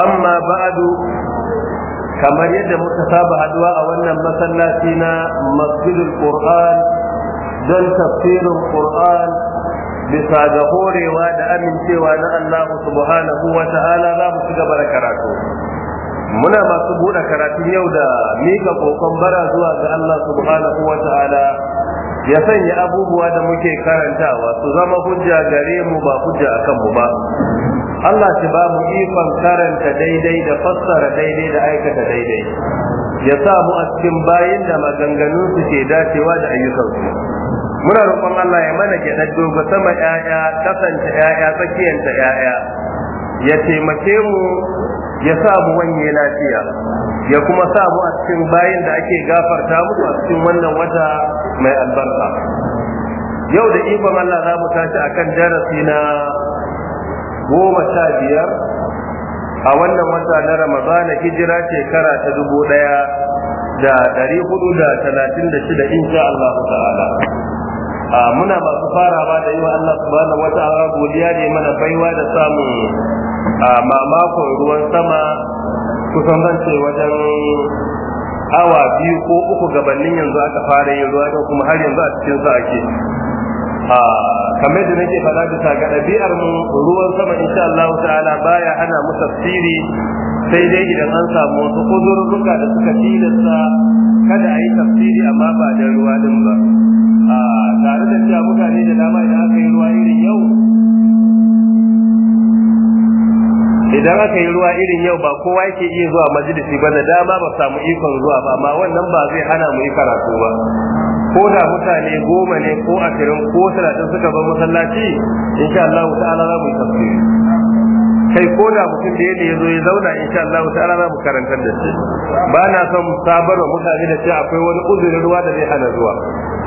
amma ba'adu kamar yadda muka saba haduwa a wannan masallaci na masjidul qur'an don tafsirin qur'an bisa ga horewa da amincewa na Allah subhanahu wa ta'ala za mu ci da karatu muna masu buɗe karatun yau da mika kokon bara zuwa ga Allah subhanahu wa ta'ala ya sanya abubuwa da muke karantawa su zama hujja gare mu ba hujja akan mu ba Allah shi ba mu ikon karanta daidai da fassara daidai da aikata daidai ya sa mu a cikin bayin da maganganun su ke dacewa da ayyukan su muna roƙon Allah ya mana ke ga sama ƴaƴa yaya ƴaƴa tsakiyanta ƴaƴa ya taimake mu ya sa mu wanye lafiya ya kuma sa mu a cikin bayin da ake gafarta mu a cikin wannan wata mai albarka yau da ikon Allah za mu tashi akan darasi na goma sha biyar a wannan wata na ramadana hijira shekara ta dubu ɗaya da ɗari hudu da talatin da shida insha Allah ta'ala muna masu farawa da yi wa Allah subhanahu wa ta'ala godiya ne mana baiwa da samun a mamakon ruwan sama kusan zance wajen awa biyu ko uku gabanin yanzu aka fara yin ruwa kuma har yanzu a cikin sa ake Ah, kamar da nake faɗa bisa ga ɗabi'ar mu ruwan sama insha Allah ta'ala baya ana mu tafsiri sai dai idan an samu wasu uzurruka da suka tilasta kada a tafsiri amma ba da ruwa din ba A ah, tare da cewa mutane da dama idan aka yi ruwa irin yau idan aka yi ruwa irin yau ba kowa yake iya zuwa majalisi ba da dama ba samu ikon zuwa ba amma wannan ba zai hana mu yi karatu ba ko da mutane goma ne ko ashirin ko talatin suka bar masallaci insha Allah ta'ala za mu tafsiri kai ko da mutum da yadda ya zo ya zauna insha Allah ta'ala za mu karantar da shi ba na son sabar wa mutane da cewa akwai wani uzurin ruwa da zai hana zuwa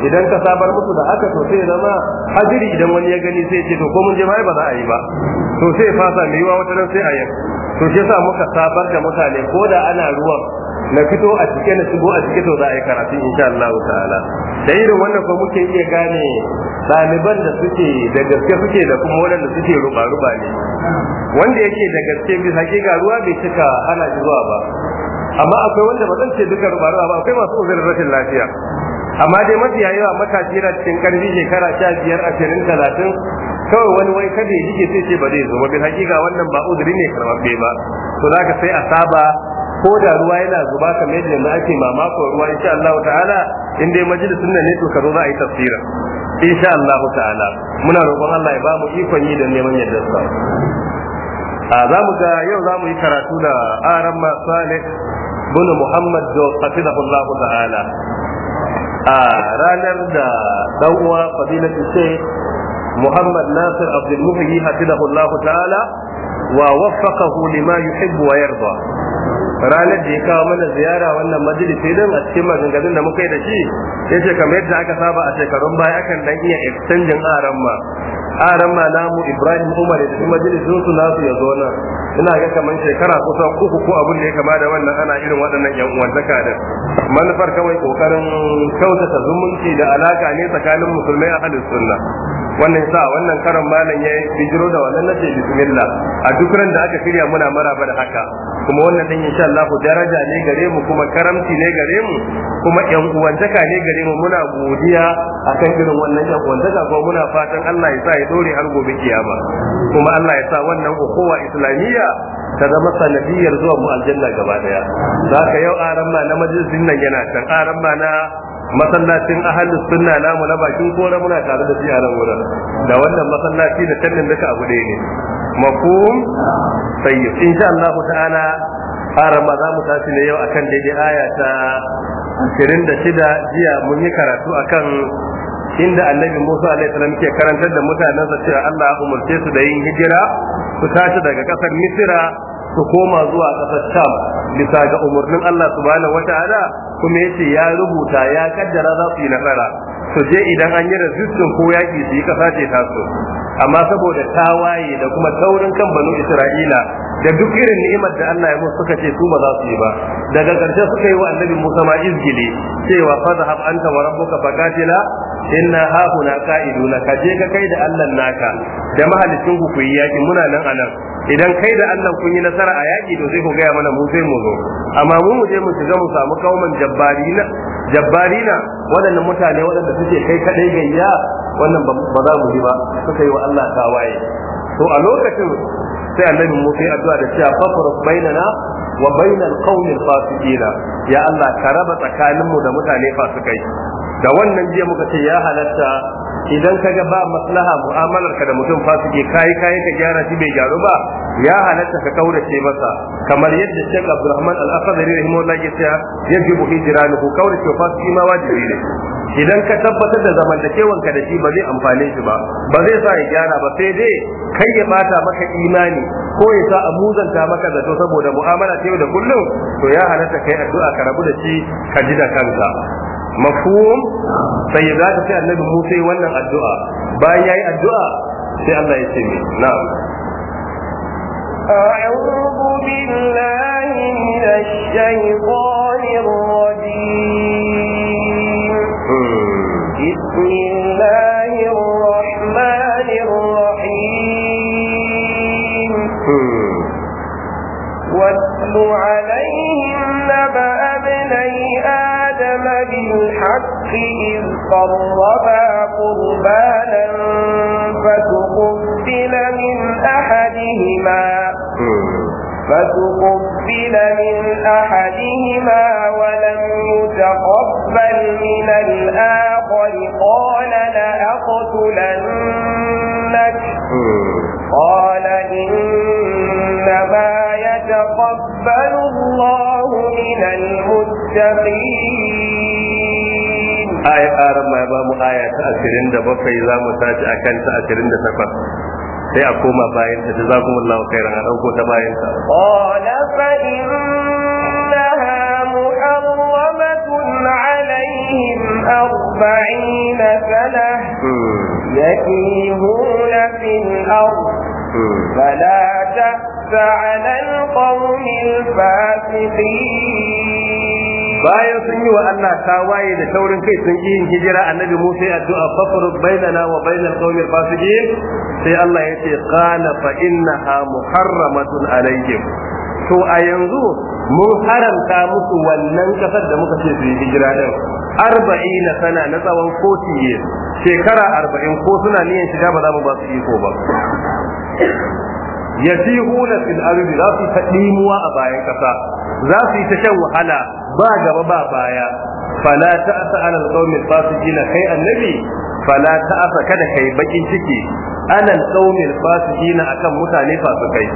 idan ka sabar musu da haka to sai zama hajiri idan wani ya gani sai ce to ko mun je mai ba za a yi ba to sai fasa mai yiwa wata nan sai a yi to shi yasa muka sabar da mutane ko da ana ruwan na fito a cike na shigo a cike to za a yi karatu insha Allah ta'ala da irin wannan ko muke iya gane daliban da suke da gaske suke da kuma wanda suke ruba ruba ne wanda yake da gaske bi hakika ruwa bai cika ana zuwa ba amma akwai wanda ba zan ce duka ruba ruba ba akwai masu uzurin rashin lafiya amma dai mafi yawa matashi na cikin karfi shekara sha biyar ashirin talatin kawai wani wai kada ya jike sai ce ba zai zo ba bi hakika wannan ba uzuri ne karbabbe ba to zaka sai a saba ko da ruwa yana zuba kamar yadda yanzu ake mamakon ruwa insha Allah ta'ala in dai majalisun nan ne to ka zo za a yi tafsira insha Allah ta'ala muna roƙon Allah ya ba mu ikon yi da neman yadda sa a za mu ga yau za mu yi karatu da aran salih bin muhammad da hafizahullah ta'ala a ranar da dan uwa Fadila ce muhammad nasir abdul muhyi Allah ta'ala wa waffaqahu lima yuhibbu wa yarda ranar da ya kawo mana ziyara wannan majalisi din a cikin maganganun da muka yi da shi ya ce kamar yadda aka saba a shekarun baya akan dan iya exchangin aran ma aran ma namu ibrahim umar da majalisin su nasu ya zo nan ina ga kamar shekara kusan uku ko abin da ya kama da wannan ana irin waɗannan yan uwan uwantaka da. manufar kawai kokarin kyautata zumunci da alaka ne tsakanin musulmai a halin sunna wannan sa wannan karan malam ya bijiro da wannan nace bismillah a duk ran da aka shirya muna maraba da haka kuma wannan din insha Allah daraja ne gare mu kuma karamci ne gare mu kuma yan uwantaka ne gare mu muna godiya akan irin wannan yan uwantaka kuma muna fatan Allah ya sa ya dore har gobe kiyama kuma Allah ya sa wannan kowa islamiyya ta zama sanadiyar zuwa mu aljanna gaba daya zaka yau aran ma na majalisin nan yana can aran ma na masallacin ahalus sunna namu na bakin kora muna tare da shi a wurin da wannan masallaci da tannin ka abu ɗaya ne mafhum sayyid insha Allah ta'ala fara ma za mu tashi ne yau akan daidai aya ta 26 jiya mun yi karatu akan inda annabi Musa alaihi salam ke karantar da sa cewa Allah ya umurce su da yin hijira su tashi daga kasar Misira su koma zuwa ƙasar sham bisa ga umarnin Allah subhanahu wata'ala kuma yace ya rubuta ya kaddara za su yi nasara su je idan an yi rajistan ko yaki su yi kasa ce taso amma saboda tawaye da kuma taurin kan banu Isra'ila da duk irin ni'imar da Allah ya musu suka ce su ba za su yi ba daga ƙarshe suka yi wa annabi Musa ma izgili cewa zahab anta wa rabbuka faqatila inna hahuna qa'iduna ka je ka kai da Allah naka da mahalicin ku ku yi yaki muna nan anan idan kai da Allah kun yi nasara a yaƙi to sai ku gaya mana mu sai mu zo amma mu mu je mu shiga mu samu kauman jabbarina jabbarina waɗannan mutane waɗanda suke kai kaɗai gayya wannan ba za mu yi ba suka yi wa Allah tawaye to a lokacin sai Allah mu sai addu'a da cewa fafaru bainana wa bainal qaumil fasiqina ya Allah ka raba tsakaninmu da mutane fasikai da wannan jiya muka ce ya halatta idan ka ga ba maslaha mu'amalar ka da mutum fasike kai kai ka gyara shi bai gyaru ba ya halatta ka kaurace masa kamar yadda Sheikh Abdulrahman Al-Afdari rahimahullah ya ce yajibu hijranuhu kaurace fasiki ma wajibi ne idan ka tabbatar da kewan ka da shi ba zai amfane shi ba ba zai sa ya gyara ba sai dai kai ya bata maka imani ko ya sa a muzanta maka zato saboda mu'amala ta yau da kullum to ya halatta kai addu'a ka rabu da shi ka ji da kanka مفهوم فإذا طيب، جاءت النبي موسى ولا الدعاء باي الدعاء في الله يسمي نعم أعوذ بالله من الشيطان الرجيم بسم الله الرحمن الرحيم واتل بالحق إذ قربا قربانا فتقبل من أحدهما فتقبل من أحدهما ولم يتقبل من الآخر قال لأقتلنك قال إنما يتقبل الله من المتقين ayat aran ma ya ba mu aya ta 27 za mu tashi akan ta takwas, sai a koma bayan ta jazakumullahu khairan a dauko ta bayan ta qala fa innaha muharramatun alaihim arba'ina sana hmm. yakihuna fil ard hmm. fala ta'sa 'ala al-qawmi al-fasiqin bayan sun yi wa Allah tawaye da taurin kai sun yi hijira annabi Musa ya addu'a fafarud bainana wa bainal qawmil fasiqin sai Allah ya ce qala fa innaha muharramatun alayhim to a yanzu mun haramta musu wannan kasar da muka ce su yi hijira din arba'in sana na tsawon 40 shekara arba'in ko suna niyan shiga ba za mu ba su iko ba yasihuna fil ardi za su ta a bayan kasa za su yi ta shan wahala ba gaba ba baya fala asa alal alqawmi fasiqin kai annabi fala asa kada kai bakin ciki alal alqawmi fasiqin akan mutane fasikai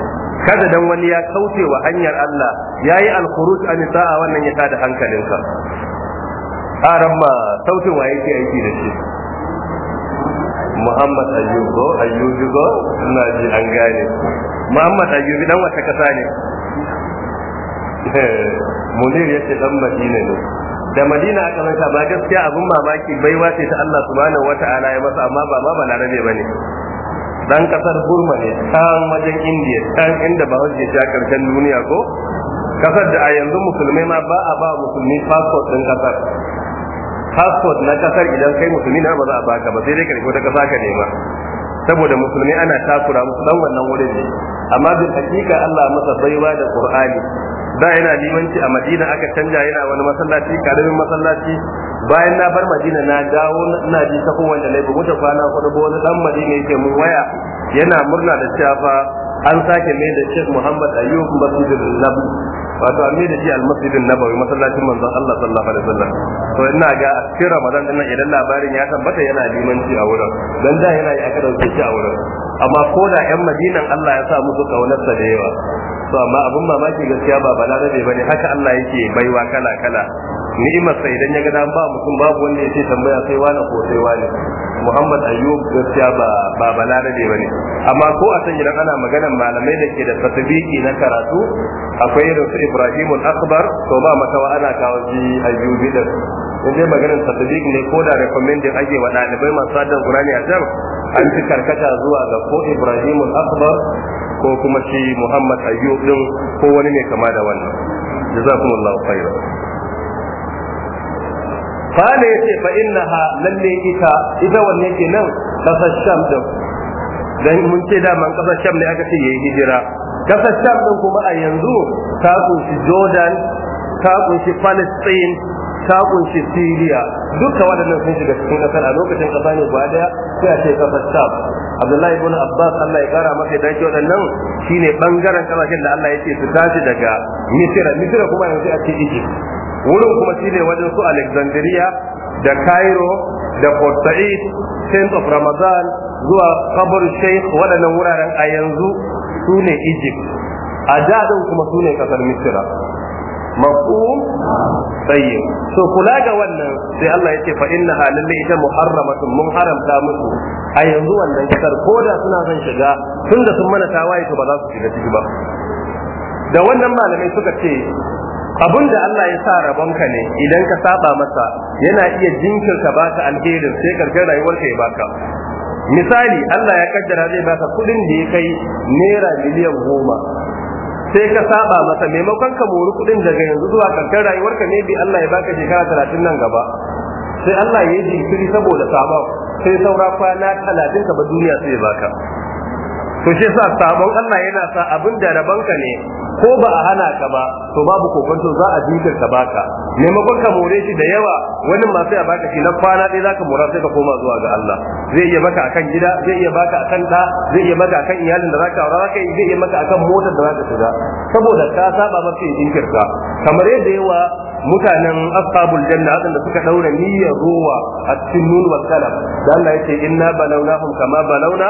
kada dan wani ya kauce wa hanyar Allah yayi alkhuruj an sa'a wannan ya tada hankalinka aran ma sautin waye ke aiki da shi Muhammad Ayyubo Ayyubo ina ji an gane Muhammad Ayyubo dan wata kasa ne munir ya ce dan madina ne da madina aka manta ba gaskiya abin mamaki baiwa ce ta Allah subhanahu wata'ala ya masa amma ba ma balarabe bane dan kasar burma ne can wajen indiya can inda ba wajen ya karshen duniya ko kasar da a yanzu musulmai ma ba a ba musulmi passport din kasar passport na kasar idan kai musulmi na ba za a baka ba sai dai ka ta kasa ka nema saboda musulmi ana takura musu dan wannan wurin ne amma bin hakika Allah masa baiwa da Qur'ani da yana limanci a Madina aka canja yana wani masallaci karamin masallaci bayan na bar Madina na dawo na ji ta kowanne laifi mutu kwana kudu wani dan Madina yake mun waya yana murna da cewa an sake mai da Sheikh Muhammad Ayyub yi Nabawi wato an mai da shi al Nabawi masallacin manzon Allah sallallahu alaihi wasallam to ina ga a cikin Ramadan din idan labarin ya tabbata yana limanci a wurin dan da yana yi aka dauke shi a wurin amma ko da yan Madinan Allah ya sa musu kaunarsa da yawa to amma abin mamaki gaskiya ba balarabe bane haka Allah yake baiwa kala kala ni'imar sai idan ya ga dan ba mutum babu wanda yake tambaya sai wani ko sai wani muhammad ayyub gaskiya ba ba ne bane amma ko a san idan ana maganar malamai da ke da tasbiki na karatu akwai irin su al akbar to ba wa ana kawo shi ayyubi da in dai maganar tasbiki ne ko da recommending ake wa ɗalibai masu sadar qur'ani a can an fi karkata zuwa ga ko ibrahim akbar ko kuma shi muhammad ayyub din ko wani ne kama da wannan jazakumullahu khairan fala yace fa innaha lalle ita ita wanne ke nan kasar sham din dan mun ce daman kasar sham ne aka ce ya yi hijira kasar sham ɗin kuma a yanzu ta kunshi jordan ta kunshi palestine ta kunshi syria duka waɗannan sun shiga cikin kasar a lokacin kasa ne ba daya sai a ce kasar sham abdullahi ibn abbas allah ya kara maka da ke waɗannan shine ɓangaren ƙasashen da allah ya ce su tashi daga misira misira kuma yanzu a ce egypt wurin kuma shine wajen su Alexandria da Cairo da Port Said Saint of Ramadan zuwa kabar Sheikh waɗannan wuraren a yanzu su ne Egypt a dadin kuma su ne ƙasar Misira mafhum tsaye. so kula ga wannan sai Allah ya ce fa inna halalle ita muharramatun mun haramta musu a yanzu wannan kasar ko da suna son shiga tunda sun mana tawaye to ba za su shiga ciki ba da wannan malamai suka ce abun da Allah ya sa rabonka ne idan ka saba masa yana iya ba baka alherin sai karkar rayuwar ya baka misali Allah ya kaddara zai baka kudin da ya kai naira miliyan goma sai ka saba masa maimakon ka mori kudin daga yanzu zuwa karkar rayuwar ne bi Allah ya baka shekara talatin nan gaba sai Allah ya yi jinkiri saboda saba sai saura kwana talatin ka ba duniya sai baka to shi sa sabon Allah yana sa abin da rabanka ne ko ba a hana ka ba to babu kokonto za a dinka ka baka maimakon ka more shi da yawa wani ma sai a baka shi na kwana ɗaya zaka mora sai ka koma zuwa ga Allah zai iya baka akan gida zai iya baka akan da zai iya baka akan iyalin da zaka aura zaka zai iya maka akan motar da zaka shiga saboda ka saba mafi jinkirka kamar yadda yawa mutanen ashabul janna wadanda suka daura niyyar ruwa a cikin nun wal kalam dan Allah yake inna balawnahum kama balawna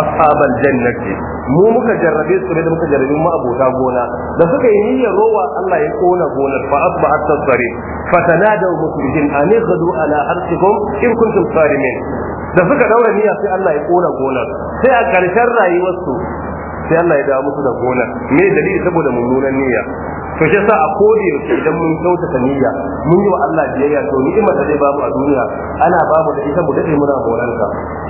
ashabal jannati mu muka jarrabe su da muka jarrabe mu abota gona da suka yi niyyar ruwa Allah ya kona gonar fa asbahat tasfari fatanadaw musbihin an ghadu ala arsikum in kuntum salimin da suka daura niyya sai Allah ya kona gonar sai a karshen rayuwarsu sai Allah ya dawo musu da gonar me dalili saboda mummunan niyya to shi yasa a kodi yaushe idan mun kyautata niyya mun yi wa Allah biyayya to ni'imar da zai ba mu a duniya ana ba mu da ita mu dade muna moranta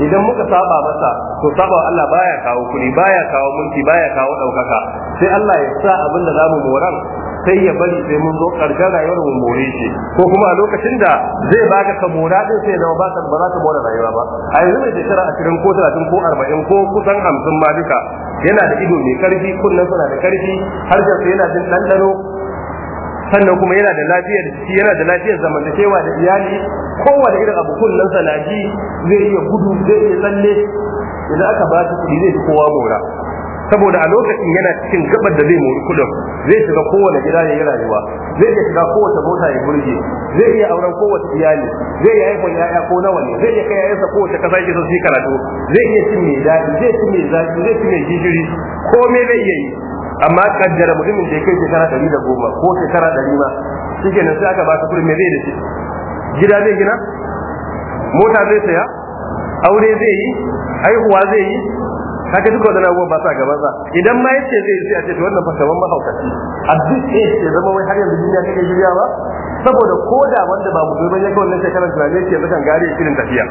idan muka saba masa to saba wa Allah baya kawo kuɗi baya kawo mulki baya kawo ɗaukaka sai Allah ya sa abin da zamu moran sai ya bari sai mun zo karshen rayuwar mu more shi ko kuma a lokacin da zai baka ka mora din sai zama ba ka ba ka mora rayuwa ba a yanzu mai shekara ashirin ko talatin ko arba'in ko kusan hamsin ma duka yana da ido mai karfi kunnen suna da karfi harshen sa yana jin ɗanɗano sannan kuma yana da lafiyar jiki yana da lafiyar zamantakewa da iyali kowane irin abu kunnen sa zai iya gudu zai iya tsalle idan aka ba shi kuɗi zai fi kowa mora saboda a lokacin yana cikin gabar da zai mori kudin zai shiga kowane gida ya yi rayuwa zai iya shiga kowace mota ya burge zai iya auren kowace iyali zai iya haifar yaya ko nawa ne zai iya kai yayansa kowace kasa yake son su karatu zai iya cin mai daɗi zai cin mai zafi zai cin mai gishiri komai zai iya yi amma kaddara mutumin da ya kai shekara ɗari da goma ko shekara ɗari ma shi kenan sai aka ba ta kuɗin mai zai da shi gida zai gina mota zai saya aure zai yi haihuwa zai yi kaga duka wannan abubuwan ba sa gaban sa idan ma yace zai sai a ce to wannan fa kaman mahaukaci a duk sai ya zama wai har yanzu duniya take ba? saboda ko da wanda ba musulmi ne kawai wannan shekarar tunani yake yanzu kan ya kirin tafiya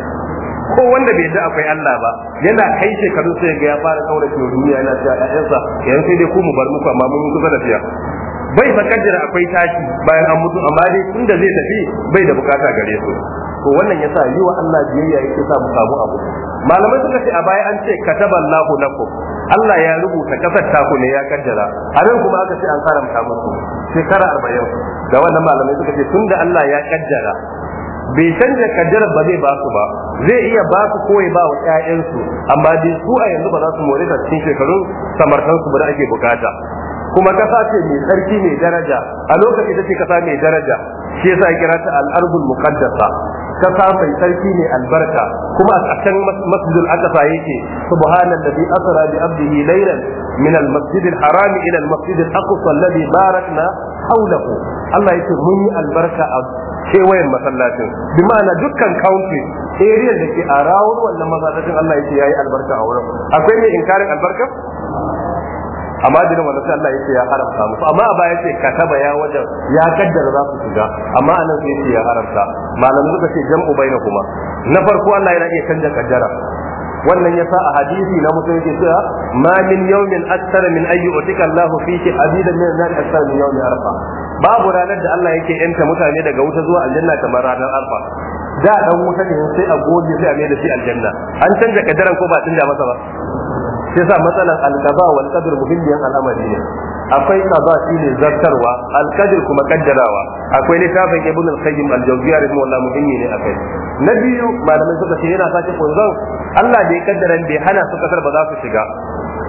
ko wanda bai da akwai Allah ba yana kai shekaru sai ga ya fara kaura ke duniya yana cewa ƴaƴansa yanzu sai dai ku mu bar muku amma mun kusa da tafiya bai fa akwai tashi bayan an mutu amma dai inda zai tafi bai da bukata gare su to wannan yasa yi wa Allah biyayya yake sa mu samu abu malamai suka ce a baya an ce kataballahu lakum Allah ya rubuta kasar taku ne ya kaddara a kuma aka ce an haramta musu shekara arba'in da wannan malamai suka ce tunda Allah ya kaddara bai canza kaddara ba zai ba su ba zai iya ba su koyi ba wa ƴaƴansu amma dai su a yanzu ba za su more ta cikin shekarun samartansu ba da ake bukata kuma kasa ce mai tsarki mai daraja a lokacin da ce kasa mai daraja shi yasa kira ta al-ardul muqaddasa kasa mai sarki ne albarka kuma a kan masjidul aqsa yake subhanallazi asra bi abdihi laylan min al masjidil haram ila al masjidil aqsa alladhi barakna hawlahu Allah yake mun yi albarka a kewayen masallacin bi ma'ana dukkan county area da ke a rawar wannan masallacin Allah yake yayi albarka a wurin akwai mai inkarin albarka amma dinin wanda sai Allah yake ya haramta musu amma a baya ce kataba ya wajen ya kaddara za su shiga amma anan sai yake ya haramta malamin suka ce jam'u baina kuma na farko Allah yana iya canja kaddara wannan yasa a hadisi na mutum yake cewa ma min yawmin akthar min ayyi utika Allahu fihi abidan min nar akthar min yawmi arfa babu ranar da Allah yake yanta mutane daga wuta zuwa aljanna kamar ranar arfa da dan wuta ne sai a goge sai a mai da shi aljanna an canja kadaran ko ba canja masa ba sai sa matsalan alqada wal qadr muhimmiyan al'amari ne akwai kaza shine zartarwa alqadr kuma kaddarawa akwai littafin ibn al-qayyim al-jawziyya rahimahullah muhimmi ne akai na biyu malamai suka ce yana sake kunzan Allah da ya kaddara bai hana su kasar ba za su shiga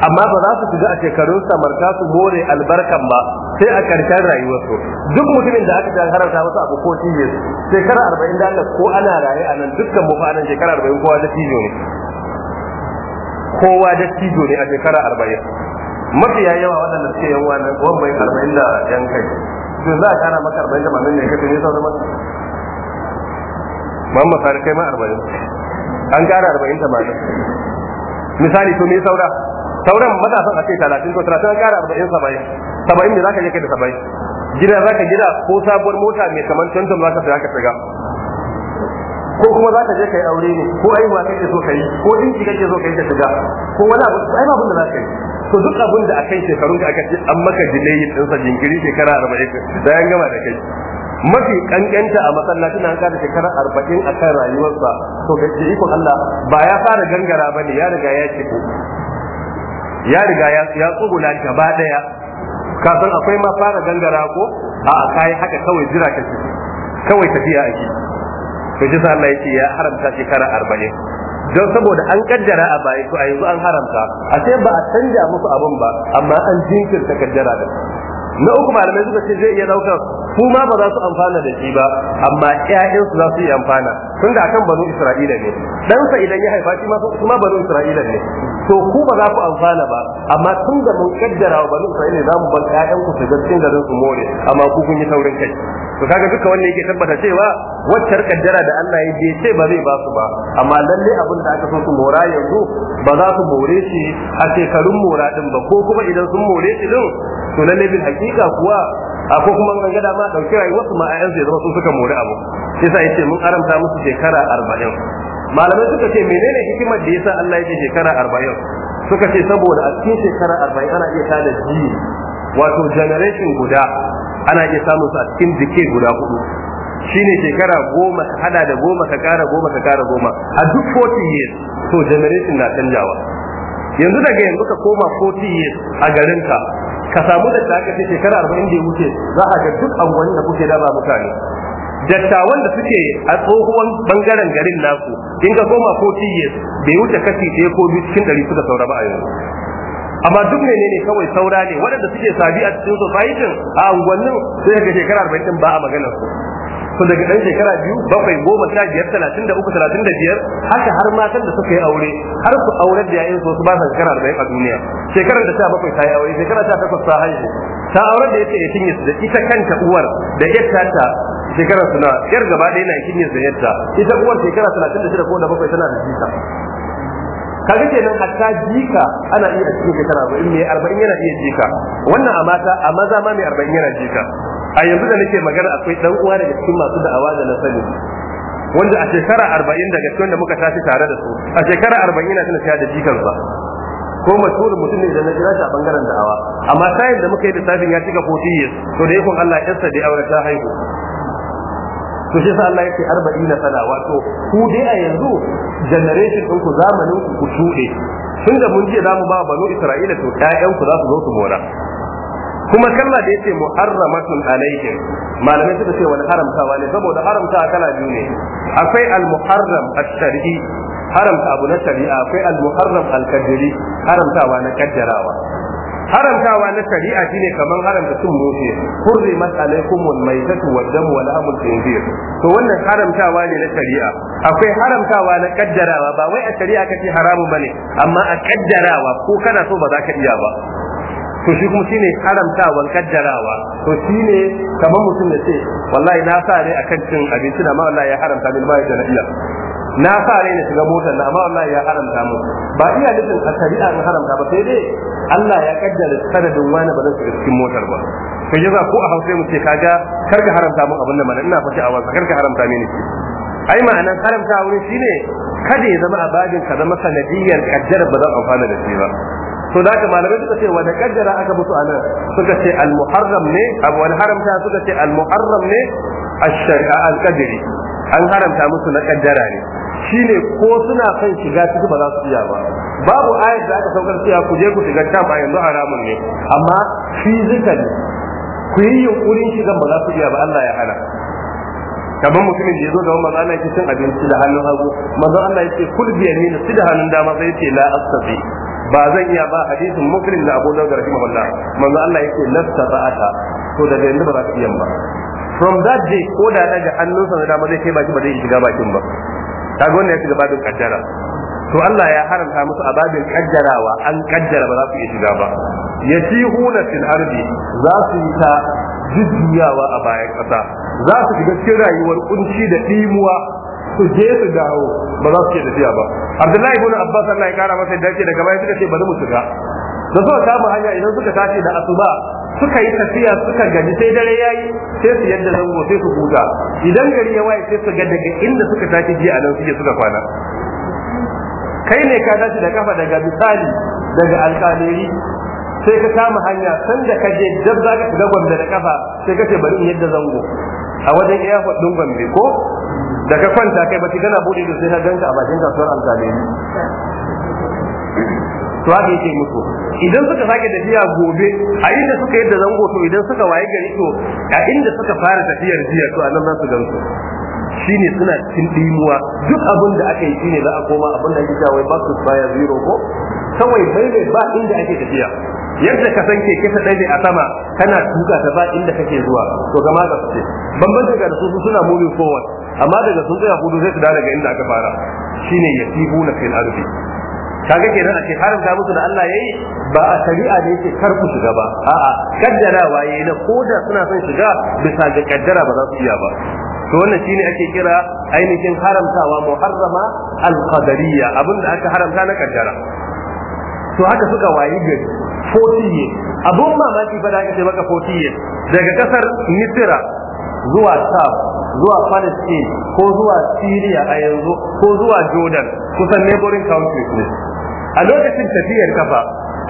amma ba za su shiga a shekarun samarta su more albarkan ba sai a karshen rayuwarsu duk mutumin da aka ta masa abu ko tijiyo shekara arba'in da ko ana raye a nan dukkan mu fa shekara arba'in kowa da tijiyo ne kowa da cijo ne a shekara arba'in mafiya yawa waɗanda suke kowar bai arba'in da yan kai to za a kana maka arba'in da mamin ne kafin ne sauran maka mamma fari kai ma arba'in an kara arba'in da mamin misali to me saura sauran matasan a ce talatin ko talatin an kara arba'in saba'in saba'in ne za ka je kai da saba'in gida za ka gida ko sabuwar mota mai kamar tantan za ka saya ka shiga ko kuma za ka je kai aure ne ko ba kake so kai ko ki kake so kai ta shiga ko wani abu ai ba bunda za ka yi to duk abun da akan shekarun da aka ce an maka dilayi din sa jinkiri shekara 40 da yan gama da kai mafi kankanta a masallaci na kada shekara 40 akan rayuwarsa to ga ko Allah ba ya fara gangara ba ne ya riga ya ce ya riga ya ya tsugula gaba daya kafin akwai ma fara gangara ko a kai haka kawai jira ka ce, kawai tafiya ake to shi Allah ya ya haramta shekara arba'in don saboda an kaddara a baya to a yanzu an haramta a sai ba a canja musu abun ba amma an jinkirta kaddara da na uku malamai suka ce zai iya daukar su ma ba za su amfana da shi ba amma ƴaƴan su za su yi amfana tun da akan banu isra'ila ne dan sa idan ya haifa shi ma su ma banu isra'ila ne to ku ba za ku amfana ba amma tun da mun kaddara wa banu isra'ila za mu bar ƴaƴan ku su ga cikin garin su more amma ku kun yi taurin kai to kaga duka wanda yake tabbata cewa waccar kaddara da Allah ya ce ba zai ba su ba amma lalle abin da aka so su mora yanzu ba za su more shi a shekarun mora din ba ko kuma idan sun more shi din to lalle bil hakika kuwa a ko kuma an ga dama dauki rayuwar su ma a yanzu ya zama sun suka mori abu shi yasa yace mun karanta musu shekara 40 malamai suka ce menene hikimar da yasa Allah ya ce shekara 40 suka ce saboda a cikin shekara 40 ana iya tada ji wato generation guda ana iya samun su a cikin dike guda hudu shine shekara goma ka hada da goma ka kara goma ka kara goma a duk 40 years to generation na canjawa yanzu daga yanzu ka koma 40 years a garinka ka samu da ta haka shekara arba'in da ya wuce za a ga duk anguwanni da kuke raba mutane dattawan da suke a tsohuwan bangaren garin nasu in ka koma ko da bai wuce kashi ɗaya ko biyu cikin ɗari suka saura ba a yanzu amma duk menene kawai saura ne waɗanda suke sabi a cikin society a unguwannin sai ga shekara arba'in ba a maganar su ko daga ɗan shekara biyu bakwai goma sha biyar talatin da uku talatin da biyar haka har matan da suka yi aure har su aure da yayin su ba sa shekara arba'in a duniya shekarar da sha bakwai ta yi aure shekara sha takwas ta haihu ta aure da ya ce ya cinye su da ita kanta uwar da yadda ta shekarar suna yar gaba ɗaya na cinye su da yadda ita uwar shekara talatin da shida ko da bakwai tana da jika kaga kenan hatta jika ana iya cikin shekara arba'in mai arba'in yana iya jika wannan a mata a maza ma mai arba'in yana jika a yanzu da nake magana akwai dan uwa daga cikin masu da'awa da na sani wanda a shekara arba'in daga cikin da muka tashi tare da su a shekara arba'in na tana da jikansa ko mashhurin mutum ne da na jira shi a bangaren da'awa amma sai da muka yi lissafin ya cika 40 years to da yakun Allah ya sadi aure ta haihu to shi sa Allah yake 40 sana wato ku dai a yanzu generation din ku zamanin ku ku shuɗe tunda mun ji zamu ba banu Isra'ila to ƴaƴan ku za su zo su mora kuma kalma da yace muharramatun alaihim malamai suka ce wani haramtawa ne saboda haramtawa kala biyu ne akwai al-muharram ash-shar'i haramta abu na shari'a akwai al-muharram al-qadari haramtawa na kaddarawa haramtawa na shari'a shine kamar haramta cin mushi hurri mas'alaikum wal maitatu wad dam wal amul khinzir to wannan haramtawa ne na shari'a akwai haramtawa na kaddarawa ba wai a shari'a kace haramun bane amma a kaddarawa ko kana so ba za ka iya ba to shi kuma shine haramtawan kaddarawa to shine kamar mutum ya ce wallahi na sa ne akan cin abinci da ma wallahi ya haramta min ba da iya. na sa ne na shiga motar na amma wallahi ya haramta mu ba iya nufin a shari'a in haramta ba sai dai Allah ya kaddara sanadin wani ba zan shiga cikin motar ba to yasa ko a hausa mu ce kaga kar ka haramta mu abin da mana ina fashi a wasa kar ka haramta mini ai ma'anan haramta wurin shine kada ya zama a bajin ka zama sanadiyar kaddara ba zan amfana da shi ba to da malamai suka ce wani kaddara aka mutu a nan suka ce al-muharram ne abu wani haramta suka ce al-muharram ne ash-shari'a al-qadri an haramta musu na kaddara ne shine ko suna son shiga ciki ba za su iya ba babu ayat da aka saukar cewa ku je ku shiga can ba yanzu haramun ne amma physically ku yi yunkurin shigan ba za su iya ba Allah ya hana kamar mutumin da ya zo gaban manzo Allah yake cin abinci da hannun hagu manzo Allah yake kul bi yamin su da hannun dama sai yace la astafi ba zan iya ba hadisin muslim da abu dawud Allah manzo Allah yake lafta ba'ata to daga yanzu ba za ka iya ba from that day ko da daga hannunsa da dama zai kai baki ba zai shiga bakin ba kaga wannan ya shiga babin kaddara to Allah ya haramta musu a babin kaddarawa an kaddara ba za su iya shiga ba yatihuna fil ardi za su yi ta jujjuyawa a bayan kasa za su shiga cikin rayuwar kunci da dimuwa su je su dawo ba za su ke tafiya ba abdullahi ibn abbas Allah ya kara masa dace daga baya suka ce bari mu shiga da suka kama hanya idan suka tashi da asuba suka yi tafiya suka gaji sai dare yayi sai su yadda zango sai su huta idan gari ya waye sai su ga daga inda suka tashi jiya nan suke suka kwana kai ne ka tashi da kafa daga misali daga alƙaleri sai ka samu hanya san da kaje dab za ka shiga gwamnati da kafa sai ka ce bari in yadda zango a wajen airport din Gombe ko Daga kwanta kai baki gana bude da sai ka ganka a bakin kasuwar alkalemi to haka yake musu idan suka sake tafiya gobe a inda suka yadda zango to idan suka waye gari to a inda suka fara tafiyar jiya to anan za su gansu shine suna cikin dimuwa duk abin da aka yi shine za a koma abin da ake cewa wai basu baya zero ko kawai bai bai ba inda ake tafiya yadda ka san keke ta ɗaya a sama kana tuka ta ba inda kake zuwa to gama ka ce. bambanta ga da su suna moving forward amma daga sun tsaya hudu sai su dawo daga inda aka fara shine huna kai ardi kaga kenan a ce haramta musu da Allah ya yi ba a shari'a da yake kar ku shiga ba a'a kaddarawa waye na koda suna son shiga bisa ga kaddara ba za su iya ba to wannan shine ake kira ainihin haramtawa muharrama al-qadariyya abinda aka haramta na kaddara to haka suka wayi gari 40 years abun mamaki fa da aka ce maka 40 years daga kasar Misira zuwa Sam, zuwa palestine ko zuwa syria a yanzu ko zuwa jordan kusan neighboring countries ne a lokacin tafiyar kafa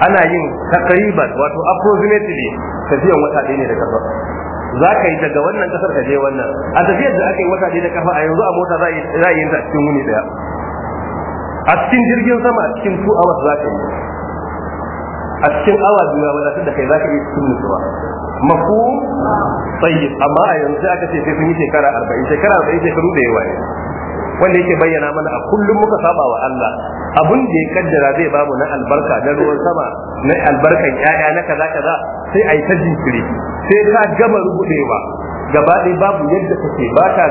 ana yin takriban wato approximately tafiyan wata ɗaya ne da kafa za ka yi daga wannan kasar ka je wannan a tafiyar da aka yi wata ɗaya da kafa a yanzu a mota za a yi ta cikin wuni daya a cikin jirgin sama a cikin two hours za ka yi a cikin awa biyu ba da kai zaka yi cikin nutsuwa mafu tsayyib amma a yanzu aka ce sai sun yi shekara arba'in shekara arba'in shekaru da yawa ne wanda yake bayyana mana a kullum muka saba wa Allah abun da ya kaddara zai bamu na albarka na ruwan sama na albarkan ƴaƴa na kaza kaza sai a yi ta jinkiri sai ka gama rubutewa, gaba ɗaya babu yadda kake ba ta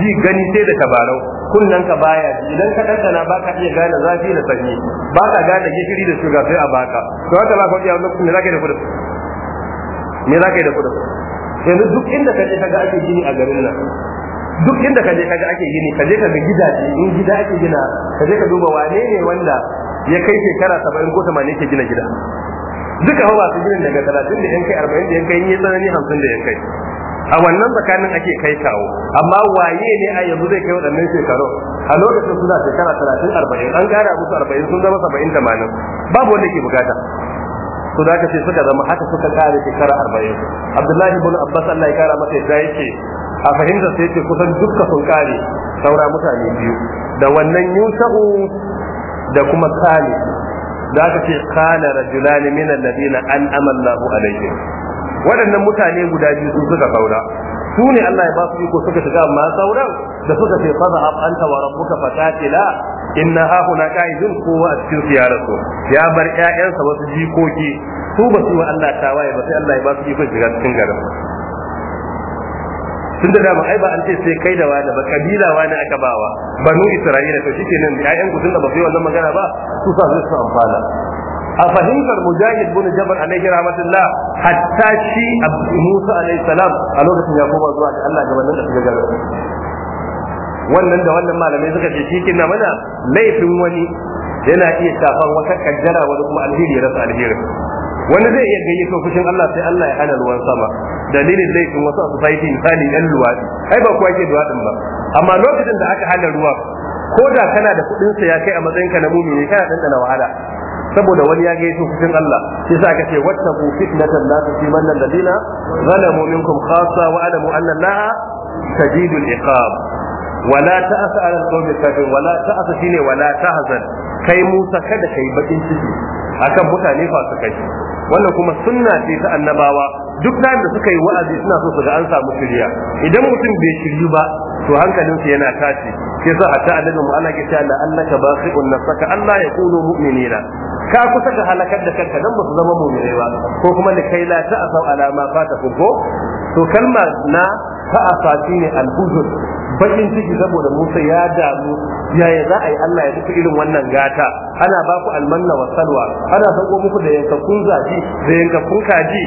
ji gani sai da tabarau Kunnan ka baya idan ka dandana ba ka iya gane zafi da sanyi ba ka gane gishiri da shuga sai a baka to haka za ka iya lokacin da za ka yi da kudu me za ka yi da kudu yanzu duk inda ka je ka ga ake gini a garin nan duk inda ka je ka ga ake gini ka je ka ga gidaje in gida ake gina ka je ka duba wane ne wanda ya kai shekara saba'in ko tamanin ke gina gida duka hawa su ginin daga talatin da yankai arba'in da yankai yi tsanani hamsin da yankai a wannan tsakanin ake kai kawo amma waye ne a yanzu zai kai waɗannan shekaru a lokacin suna shekara talatin arba'in an gara musu arba'in sun zama saba'in tamanin babu wanda ke bukata su za ka ce suka zama haka suka kare shekara arba'in abdullahi bin abbas allah ya kara masa ya yake a fahimtar sai ce kusan dukka sun kare saura mutane biyu da wannan yusa'u da kuma kale Za ka ce kana rajulani minan alladina an amalla alaihim waɗannan mutane guda biyu sun suka saura su ne Allah ya ba su iko suka shiga amma sauran da suka ce fa zahab anta wa rabbuka ila inna ha huna qa'idun kowa a cikin ya rasu ya bar ƴaƴansa wasu jikoki su ba su wa Allah tawaye ba sai Allah ya ba su iko shiga cikin garin tun da dama ai ba an ce sai kai da wani ba kabila wani aka bawa banu isra'ila to shike nan ƴaƴan ku tunda ba su yi wannan magana ba su sa su amfana a fahimtar mujahid bin jabal alaihi rahmatullah hatta shi musa alaihi salam a lokacin ya koma zuwa ga Allah nan da suka gaba wannan da wannan malamai suka ce shi na mana laifin wani yana iya shafan wata kaddara wani kuma alheri ya rasa alheri wani zai iya gayyato fushin Allah sai Allah ya hana ruwan sama dalilin laifin wasu a society misali yan luwaɗi ai ba kuwa ke luwaɗin ba amma lokacin da aka hana ruwa ko da kana da kuɗin ya kai a matsayin ka na mumini kana ɗanɗana wahala saboda wani ya ga yato Allah shi sa aka ce wattaku fitnatan la tusibanna alladina zalamu minkum khassa wa alamu anna Allah shadidul iqab wala ta'asa ala alqawmi kafir wala ta'asa shine wala tahzan kai Musa kada kai bakin ciki akan mutane fa wannan kuma sunna ce ta annabawa duk nan da suka yi wa'azi suna so su ga an samu shirya idan mutum bai shiryu ba to hankalinsa yana tashi ke sa hatta annabi mu ana kita la annaka basiqun nafsaka Allah ya kunu mu'minina ka kusa ga halakar da kanka dan ba su zama mu'mine ba ko kuma da kai la ta asau alama fata ko to kalma na fa ne al bakin ciki saboda Musa ya damu yaya za a yi Allah ya duka irin wannan gata ana ba ku almanna wa salwa ana sauko muku da yankakkun zaji da yankakkun kaji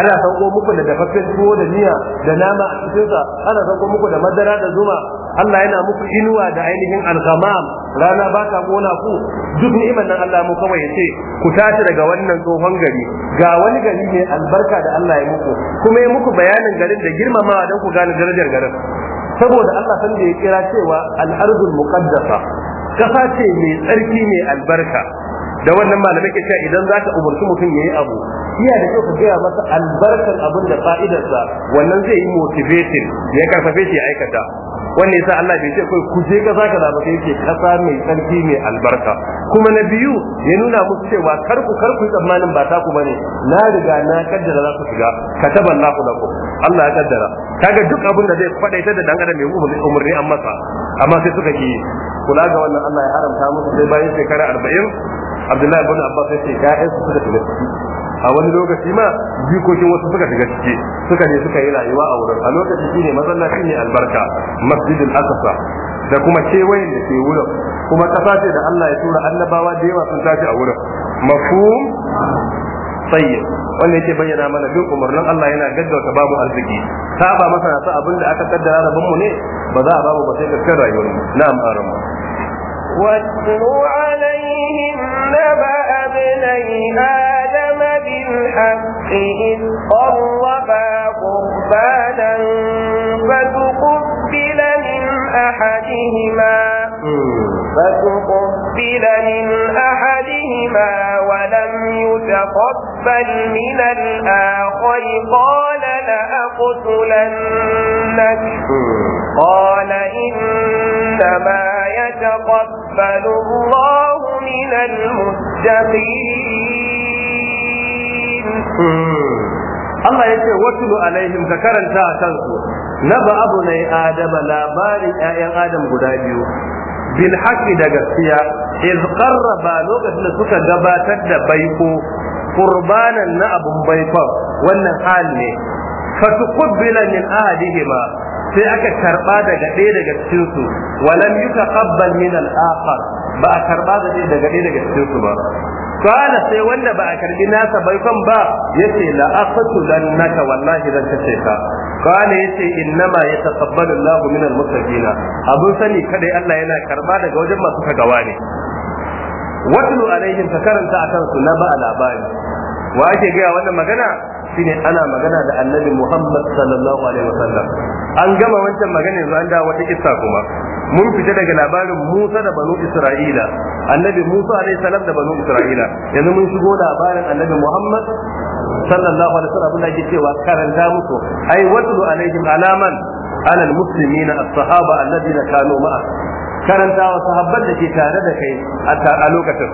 ana sauko muku da dafaffen tuwo da miya da nama a sa. ana sauko muku da madara da zuma Allah yana muku inuwa da ainihin alghamam rana ba ta gona ku duk ni'imar nan Allah mu kawai yace ku tashi daga wannan tsohon gari ga wani gari ne albarka da Allah ya muku kuma ya muku bayanin garin da girmamawa don ku gane darajar garin saboda Allah san da ya kira cewa al-ardul muqaddasa kasa ce mai tsarki mai albarka da wannan malamai ke cewa idan za ka umarci mutum ya yi abu iya da kyau ka gaya masa albarkar abin da fa'idarsa wannan zai yi motivating ya karfafe shi ya aikata wanda sa Allah bai ce kai kuje je kasa kaza ba sai yake kasa mai tsarki mai albarka kuma na biyu ya nuna musu cewa kar ku kar ku tsammanin ba ta ku bane na riga na kaddara za ku shiga kataban naku da ku Allah ya kaddara kaga duk abin da zai fadaita da dan adam mai umurni an masa amma sai suka ki kula ga wannan Allah ya haramta musu sai bayan shekara 40 Abdullahi ibn Abbas ya ce su suka tafi a wani lokaci ma jikokin wasu suka shiga ciki suka ne suka yi rayuwa a wurin a lokaci shine masallaci ne albarka masjidin aqsa da kuma kewayen da ke wurin kuma kasa ce da Allah ya tura annabawa da yawa sun tashi a wurin mafhum tsaye wanda yake bayyana mana duk umarnin Allah yana gaggauta babu arziki ta ba masa nasa abin da aka kaddara rabin mu ne ba za a babu ba sai gaskiyar rayuwar mu na'am aran mu بالحق إذ قربا قربانا فتقبل من أحدهما فتقبل من أحدهما ولم يتقبل من الآخر قال لأقتلنك قال إنما يتقبل الله من المتقين Hmm. Allah ya ce wasu alaihim ka karanta a kansu na ba abu na yi adama labarin 'ya'yan adam guda biyu Bin haƙi da gaskiya iz ƙarraba lokacin da suka gabatar da baiko kurbanan na abun baikon wannan hal ne fa tuqbila min ahadihima sai aka karba daga ɗaya daga cikin su walam yutaqabbal min al-akhar ba a karba daga ɗaya daga cikin su ba kana sai wanda ba a karbi nasa baikon ba yace la aqtu lannaka wallahi zan kace ka kana yace inna ma yataqabbalu Allahu min al-muttaqin abun sani kadai Allah yana karba daga wajen masu kagawa ne watlu alaihim ka karanta akan su na ba labari wa ake ga wannan magana shine ana magana da annabi Muhammad sallallahu alaihi wasallam an gama wancan magana yanzu an da wata kissa kuma mun fita daga labarin Musa da Banu Isra'ila annabi Musa alaihi salam da Banu Isra'ila yanzu mun shigo labarin annabi Muhammad sallallahu alaihi wasallam abin da yake cewa karanta musu ai watlu alaihim alaman ala almuslimin as-sahaba alladhina kanu ma'a karanta wa sahabban da ke tare da kai a lokacin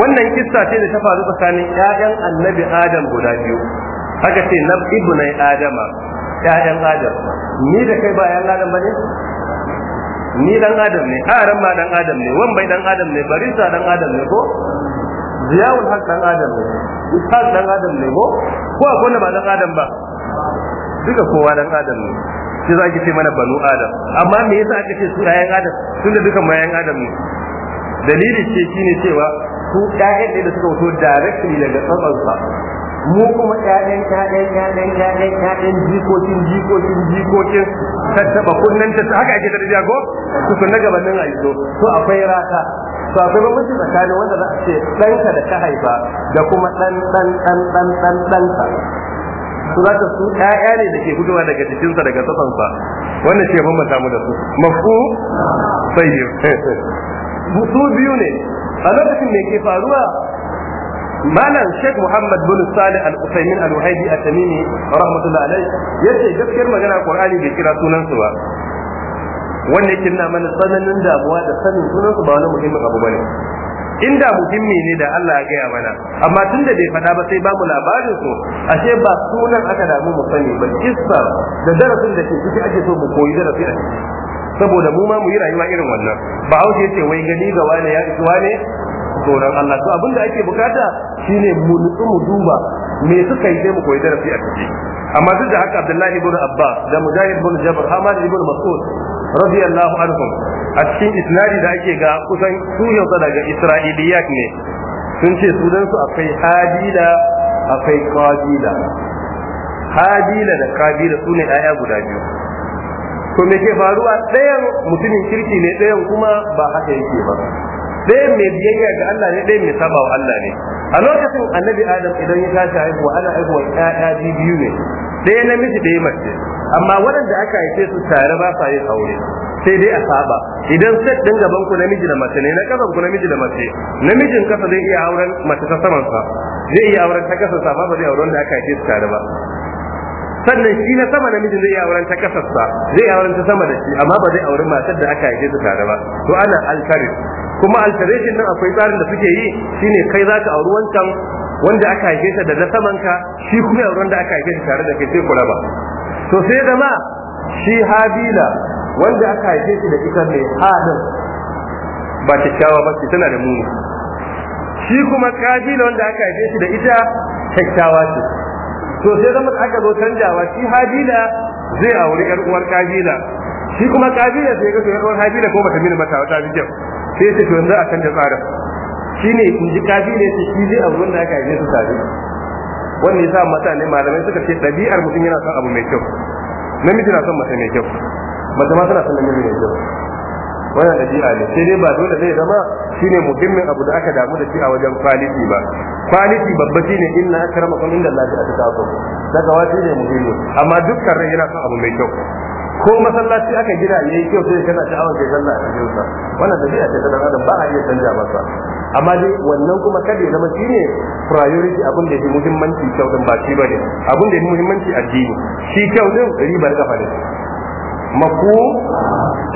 wannan kissa ce da ta faru tsakanin ƴaƴan annabi Adam guda biyu haka ce na ibnai adama ƴaƴan adam ni da kai ba ƴan adam bane ni dan adam ne aran ma dan adam ne wan bai dan adam ne bari sa dan adam ne ko ziyawul haq dan adam ne ishaq dan adam ne ko ko akwai na ba dan adam ba duka kowa dan adam ne shi za ki ce mana banu adam amma me yasa aka ce su ƴaƴan adam tun da duka mayan adam ne dalili ce shine cewa su ƴaƴan da suka fito directly daga tsabansa mu kuma ƴaƴan ƴaƴan ƴaƴan ƴaƴan ƴaƴan jikokin jikokin jikokin tattaba kunnan ta haka ake ta jago su na gabanin aizo to akwai rata to akwai bambanci tsakanin wanda za a ce ɗanka da ka haifa da kuma ɗan ɗan ɗan ɗan ɗan ɗanka su za ta su ƴaƴa ne da ke fitowa daga jikinsa daga sasansa wannan ce bambanta mu da su mafu sai su biyu ne a lokacin da ke faruwa malam Sheikh Muhammad bin Salih Al-Utsaimin Al-Wahidi At-Tamimi rahmatullahi alayhi yace gaskiyar magana Qur'ani bai kira sunan su ba wanda yake nuna mana tsananin damuwa da sanin sunan su ba wani muhimmin abu bane inda muhimmi ne da Allah ya gaya mana amma tun da bai faɗa ba sai ba labarin su ashe ba sunan aka damu mu sani ba kissa da darasin da ke ciki ake so mu koyi darasi a ciki saboda mu ma mu yi rayuwa irin wannan ba hausa yace wai gani ga wane ya isuwa ne tsoron Allah to abinda ake bukata shine mu nutsu mu duba me suka yi sai mu koyi darasi a ciki amma duk da haka Abdullahi ibn Abbas da Mujahid ibn Jabr Hamad ibn Mas'ud radiyallahu anhum a cikin isnadi da ake ga kusan su yanzu daga Isra'iliyat ne sun ce sunansu akwai Hadila akwai Qabila Hadila da Qabila sune ayya guda biyu to me ke faruwa ɗayan mutumin kirki ne ɗayan kuma ba haka yake ba ɗayan mai biyayya ga Allah ne ɗayan mai saba wa Allah ne a lokacin annabi adam idan ya tashi haihuwa ana haihuwa ƴaƴa biyu ne ɗaya namiji ɗaya mace amma waɗanda aka haife su tare ba sa yin aure sai dai a saba idan set ɗin gaban ku namiji da mace ne na kasan ku namiji da mace namijin kasa zai iya auren mace ta saman sa zai iya auren ta kasa sa ba zai auren da aka haife su tare ba sannan shi na sama namijin zai iya auren ta kasa sa zai auren ta sama da shi amma ba zai auren matar da aka haife su tare ba to ana alkarin kuma alteration nan akwai tsarin da suke yi shine kai zaka auri wancan wanda aka haife shi da na samanka shi kuma ya wanda aka haife shi tare da kai sai kula ba to sai zama shi habila wanda aka haife shi da ita ne hadin ba kyakkyawa ba ce tana da muni shi kuma kabila wanda aka haife shi da ita kyakkyawa ce to sai zama aka zo canjawa shi habila zai auri yar uwar kabila shi kuma kabila sai ga yar uwar habila ko ta mini mata wata bijin sai ce to yanzu a kan da tsarin shine in ji kafi ne ce shi zai abu wanda aka yi su tare ya sa mutane malamai suka ce ɗabi'ar mutum yana son abu mai kyau namiji na son mace mai kyau mace ma suna son namiji mai kyau wannan ɗabi'a ne sai dai ba dole zai zama shine muhimmin abu da aka damu da shi a wajen kwaliti ba kwaliti babba shine inna akramakum inda Allah ya ta ku daga wace ne muhimmi amma dukkan rai yana son abu mai kyau ko masallaci aka gina yayi kyau sai kana sha'awar kai sallah a cikin sa wannan tafiya ce ta dan adam ba a iya canja masa amma dai wannan kuma kada ya zama shine priority abin da yake muhimmanci kyau din ba shi bane abin da yake muhimmanci addini shi kyau din ribar kafa ne mafu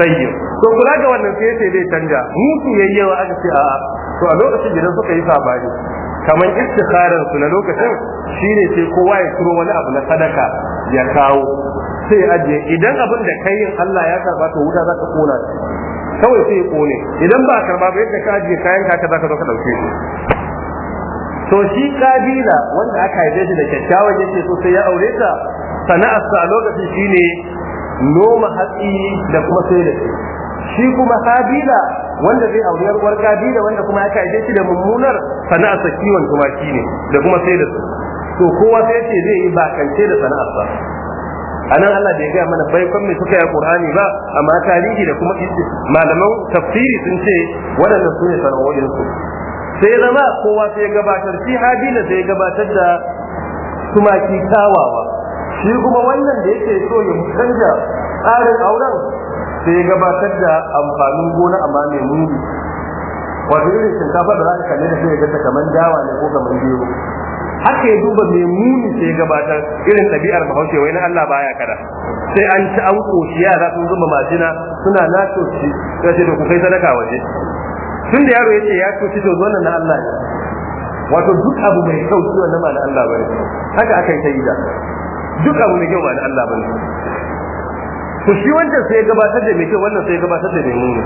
tayyib to kula ga wannan sai sai zai canja musu yayyawa aka ce a to a lokacin gidan suka yi sabani kamar istikharar su na lokacin shine sai kowa ya turo wani abu na sadaka ya kawo sai ajiye idan abin da kai yin Allah ya karba to wuta za ka kona kawai sai ya kone idan ba karba ba yadda ka ajiye kayan ka za ka zo ka dauke shi to shi kabila wanda aka haife shi da kyakkyawan yace so sai ya aure ta sana'ar sa lokacin shine noma hatsi da kuma sai da shi shi kuma kabila wanda zai aure uwar kabila wanda kuma aka haife shi da mummunar sana'ar sa kiwon tumaki ne da kuma sai da su to kowa sai ce zai yi bakance da sana'ar sa anan Allah bai gaya mana bai mai me suka yi Qur'ani ba amma tarihi da kuma malaman tafsiri sun ce waɗannan su ne sana'o'in su sai zama kowa sai gabatar shi habila sai gabatar da tumaki kawawa shi kuma wannan da yake so ya canja tsarin auren sai gabatar da amfanin gona amma mai muni wato irin shinkafa da za ka kalle da sai ya gata kamar dawa ne ko kamar gero haka ya duba mai muni ke gabatar irin ɗabi'ar bahaushe wai na Allah baya kada sai an ci an koshi yara sun zuba majina suna na toci sai ce da ku kai sadaka waje tun da yaro ya ce ya toci to wannan na Allah ne wato duk abu mai kyau shi wannan ba na Allah bane haka aka yi ta yi da duk abu mai kyau ba na Allah bane to shi wanda sai gabatar da mai kyau wannan sai gabatar da mai muni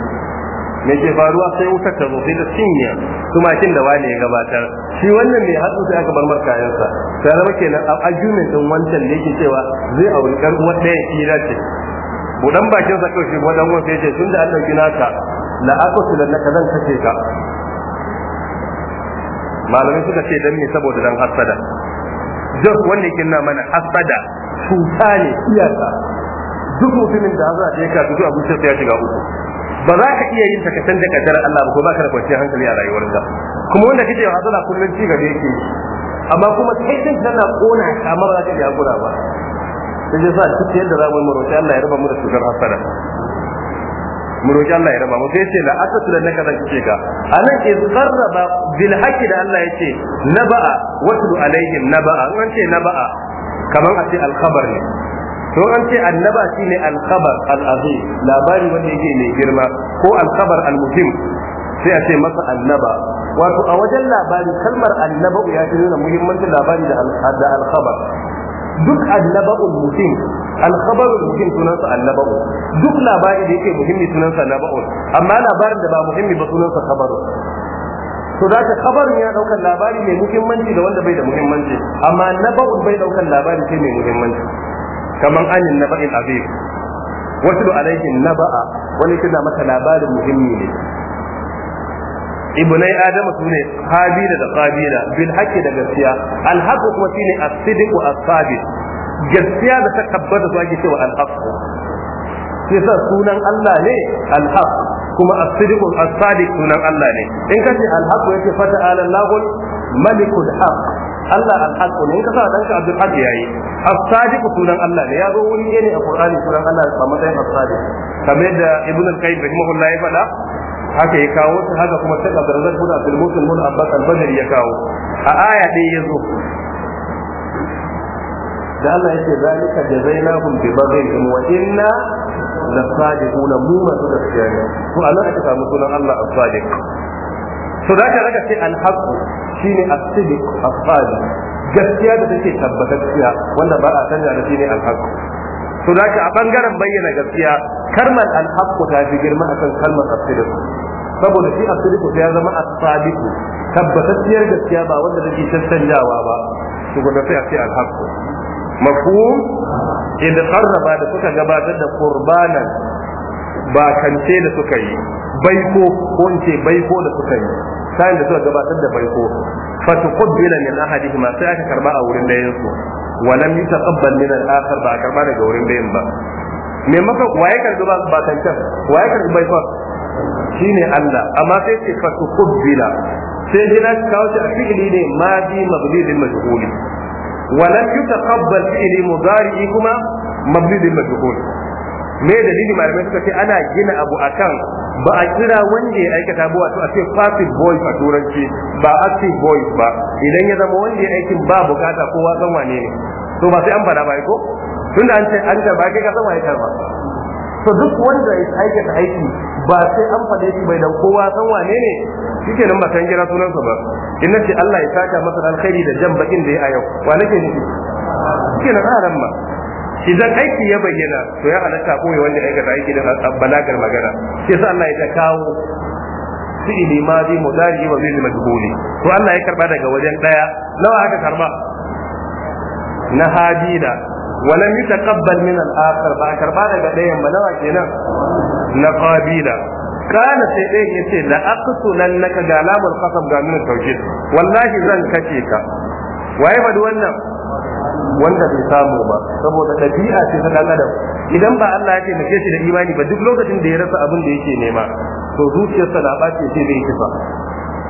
me ke faruwa sai wutar ta zo sai ta cinye tumakin da wani ya gabatar shi wannan mai hatsu sai aka bar markayansa sai zama kenan a argument din wancan ne yake cewa zai auri kar uwar ɗaya kira ce budan bakin sa kawai shi wadan wanda ya ce tun da an ɗauki naka la aqsu lanaka zan kace ka malamin suka ce dan me saboda dan hasada duk wanda yake na mana hasada cuta ne iyaka duk mutumin da a je ka duk abin sai ya shiga uku ba za ka iya yin ta kasan da kaddarar Allah ba ko ba ka da kwanciyar hankali a rayuwarka kuma wanda kake zana kullun ci gaba yake amma kuma kai din kana kona kamar za ka ji hakura ba sai dai sa duk yadda za mu yi roƙi Allah ya raba mu da cutar hasada mu Allah ya raba mu sai ce la asatu lan naka zan ce ka anan ke qarraba bil haqqi da Allah yace naba'a watlu alaihim naba'a an ce naba'a kamar a ce al khabar ne don an ce annaba shine alkhabar al'azim labari wanda yake mai girma ko alkhabar almuhim sai a ce masa annaba wato a wajen labari kalmar annaba ya fi nuna muhimmancin labari da alkhabar duk annaba'ul muhim alkhabarul muhim sunansa annaba'u duk labari da yake muhimmi sunansa annaba'u amma labarin da ba muhimmi ba sunansa khabaru to da ka khabarin ya daukar labari mai muhimmanci da wanda bai da muhimmanci amma annaba'u bai daukar labari sai mai muhimmanci kaman anin naba'il azim wasu alaihin naba'a wani kina mata labarin muhimmi ne ibnai adamu sune habila da qabila bil haqqi da gaskiya al haqqu kuma shine as-sidq wa as-sabit gaskiya da ta tabbata su ake cewa al haqqu sai sa sunan Allah ne al haqq kuma as-sidq as-sadiq sunan Allah ne in kace al haqq yake fata ala lahul malikul haqq Allah al haq ne ka sa danka Abdul Hadi yayi as-sadiq sunan Allah ne ya zo wuri ne a Qur'ani sunan Allah ba matsayin as-sadiq kamar da Ibn al-Qayyim rahimahullah ya faɗa haka ya kawo ta haka kuma sai Abdul Razzaq bin Abdul Mutin bin Abbas al-Badri ya kawo a aya dai ya zo da Allah yake zalika jazainahum bi baghihim wa inna la sadiquna mu masu gaskiya ne to anan ka samu sunan Allah as-sadiq to za ka raka ce alhaku shine a asali gaskiya da take tabbatacciya wanda ba a canja da ne alhaku to za ka a bangaren bayyana gaskiya kalmar alhaku ta fi girma akan kalmar asidik saboda shi asidik ya zama asalik tabbatacciyar gaskiya ba wanda take cancanjawa ba to gobe sai a ce alhaku mafhum idan qarraba da suka gabatar da kurbanan? ba kance da suka yi baiko ko in ce baiko da suka yi sayan da suka gabatar da baiko fatuqbila min ma sai aka karba a wurin da yansu wa lam yutaqabbal min al-akhar ba karba daga wurin da ba me maka waye karba ba ba kance waye karbi baiko shine Allah amma sai ce fatuqbila sai dai na kawo shi a ne ma bi mabni lil majhuli wa lam yutaqabbal fi'li mudari kuma mabni majhuli me dalili malamai suka ce ana gina abu akan ba a kira wanda ya aikata ba wato a ce passive voice a turanci ba active voice ba idan ya zama wanda ya aikin ba bukata kowa san wane ne to ba sai an fada ba ko da an ce an karba kai ka san wane karba to duk wanda ya aikata aiki ba sai an fada shi bai dan kowa san wane ne shike nan ba san kira sunansa ba in nace Allah ya saka masa alkhairi da jan da ya a yau wa nake nufi shike nan ma idan aiki ya bayyana to ya halatta ko wanda ya aikata aiki da balagar magana sai sa Allah ya ta kawo su ma madi mudari wa fi'ili majhuli to Allah ya karba daga wajen daya nawa aka karba na hadina walam yutaqabbal min al-akhar ba karba daga dayan ba nawa kenan na qabila kana sai ɗayan ya ce la aqtulan naka ga lamul qasam ga min tawkid wallahi zan kace ka waye faɗi wannan wanda bai samu ba saboda ɗabi'a ce ta dan adam idan ba Allah yake taimake shi da imani ba duk lokacin da ya rasa abin da yake nema to zuciyarsa na ɓace ce zai kifa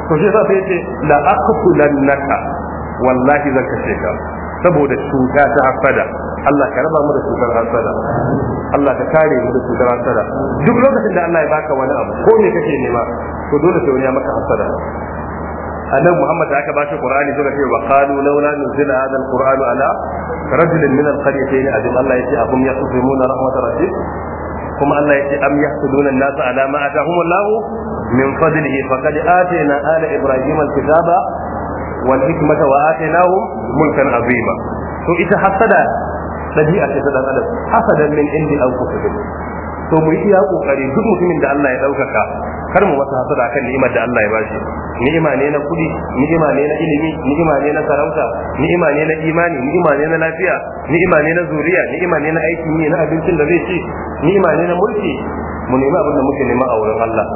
to shi yasa sai ce la naka wallahi zan kashe ka saboda cuta ta hasada Allah ka raba mu da cutar hasada Allah ka kare mu da cutar hasada duk lokacin da Allah ya baka wani abu ko me kake nema to dole sai wani ya maka hasada annabi Muhammad da aka ba shi Qur'ani suka ce wa qalu laula nuzila hadha al-Qur'an ala rajulin min al-qaryatayn azim Allah yace abum yaqsimuna rahmat rabbik kuma Allah yace am yahsuduna an-nasa ala ma atahum Allah min fadlihi faqad atayna ala ibrahim al-kitaba wal hikmata wa atainahum mulkan azima to ita hasada dabi'a ce ta dan adam hasadan min indi anfusihim to mu yi iya kokari duk mutumin da Allah ya daukaka kar mu masa hasada kan ni'imar da Allah ya bashi ni'ima ne na kudi ni'ima ne na ilimi ni'ima ne na sarauta ni'ima ne na imani ni'ima ne na lafiya ni'ima ne na zuriya ni'ima ne na aiki ne na abincin da zai ci ni'ima ne na mulki mu nemi abin da muke nema a wurin Allah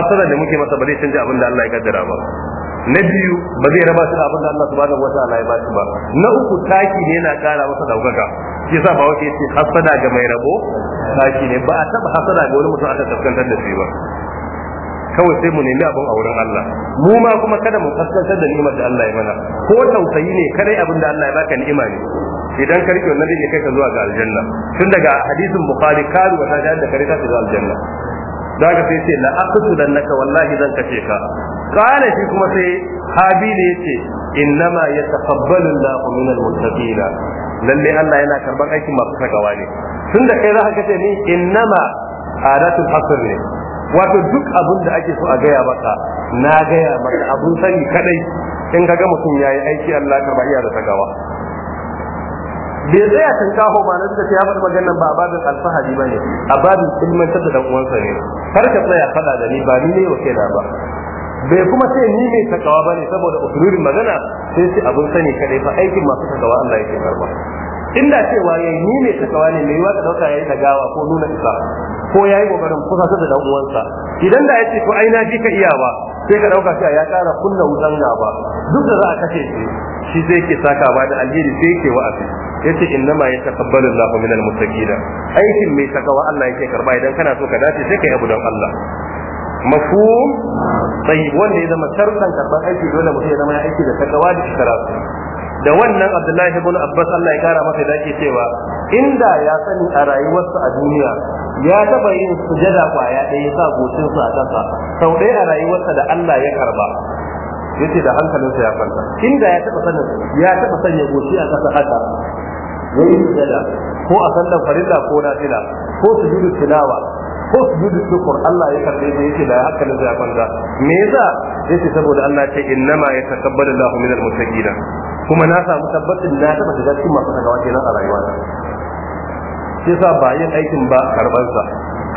hasada da muke masa ba zai canja abin da Allah ya kaddara ba na biyu ba zai raba shi da abin da Allah subhanahu wataala ya bashi ba na uku taki ne yana kara masa daukaka shi yasa ba wace ce hasada ga mai rabo taki ne ba a taba hasada ga wani mutum aka kaskantar da shi ba kawai sai mu nemi abin a wurin Allah mu ma kuma kada mu kaskantar da ni'imar da Allah ya mana ko tausayi ne kare abin da Allah ya baka ni'ima ne idan ka rike wannan zai kai ka zuwa ga aljanna tun daga hadisin bukhari karu wa ta da kare ka zuwa aljanna daga sai ce la aqtu lanaka wallahi zan kace ka kana shi kuma sai habili yace innama yataqabbalu Allahu min almuttaqina lalle Allah yana karban aikin masu takawa ne tun da kai za ka ce ni innama adatul hasr ne wato duk abin da ake so a gaya maka na gaya maka abun sani kadai in kaga mutum yayi aiki Allah ba iya da tagawa bai a tun kaho ba na suka ce ya faɗi maganar ba a babin alfahari ba ne a babin ilmantar da uwansa ne kar ka tsaya faɗa da ni ba ni ne wake na ba bai kuma sai ni mai takawa ba ne saboda usururin magana sai sai abun sani kadai fa aikin masu takawa Allah yake karba inda cewa yayi ni mai takawa ne mai yiwa ka dauka yayi tagawa ko nuna isa ko yayi ƙoƙarin kusa da dan uwansa idan da ce to ai na ji ka iya ba sai ka ɗauka cewa ya ƙara kunna wutan gaba duk da za a kashe shi shi zai ke saka ba da alheri sai yake wa'azi yace inna ma yatakabbalu Allahu minal muttaqina aikin mai takawa Allah yake karba idan kana so ka dace sai yi abu don Allah mafhum tayyib wanda ya zama shartan karban aiki dole mutum ya zama ya aiki da takawa da ikhlasu da wannan abdullahi ibn abbas Allah ya kara masa da ke cewa inda ya sani a rayuwarsa a duniya ya taba yin sujada kwaya ɗaya ya sa gocinsa a kansa sau ɗaya a rayuwarsa da Allah ya karba yace da hankalinsa ya kwanta inda ya taba sanin ya taba sanya goci a kasa haka yayi sujada ko a sallar farilla ko nafila ko sujudu tilawa ko sujudu shukr Allah ya karbe da yake da haka ne ya kwanta me yasa yace saboda Allah in ce innama yatakabbalu Allahu min al-muttaqin kuma na samu tabbacin na taba shiga cikin masu tagawa kenan a rayuwata shi sa ba yin aikin ba karban sa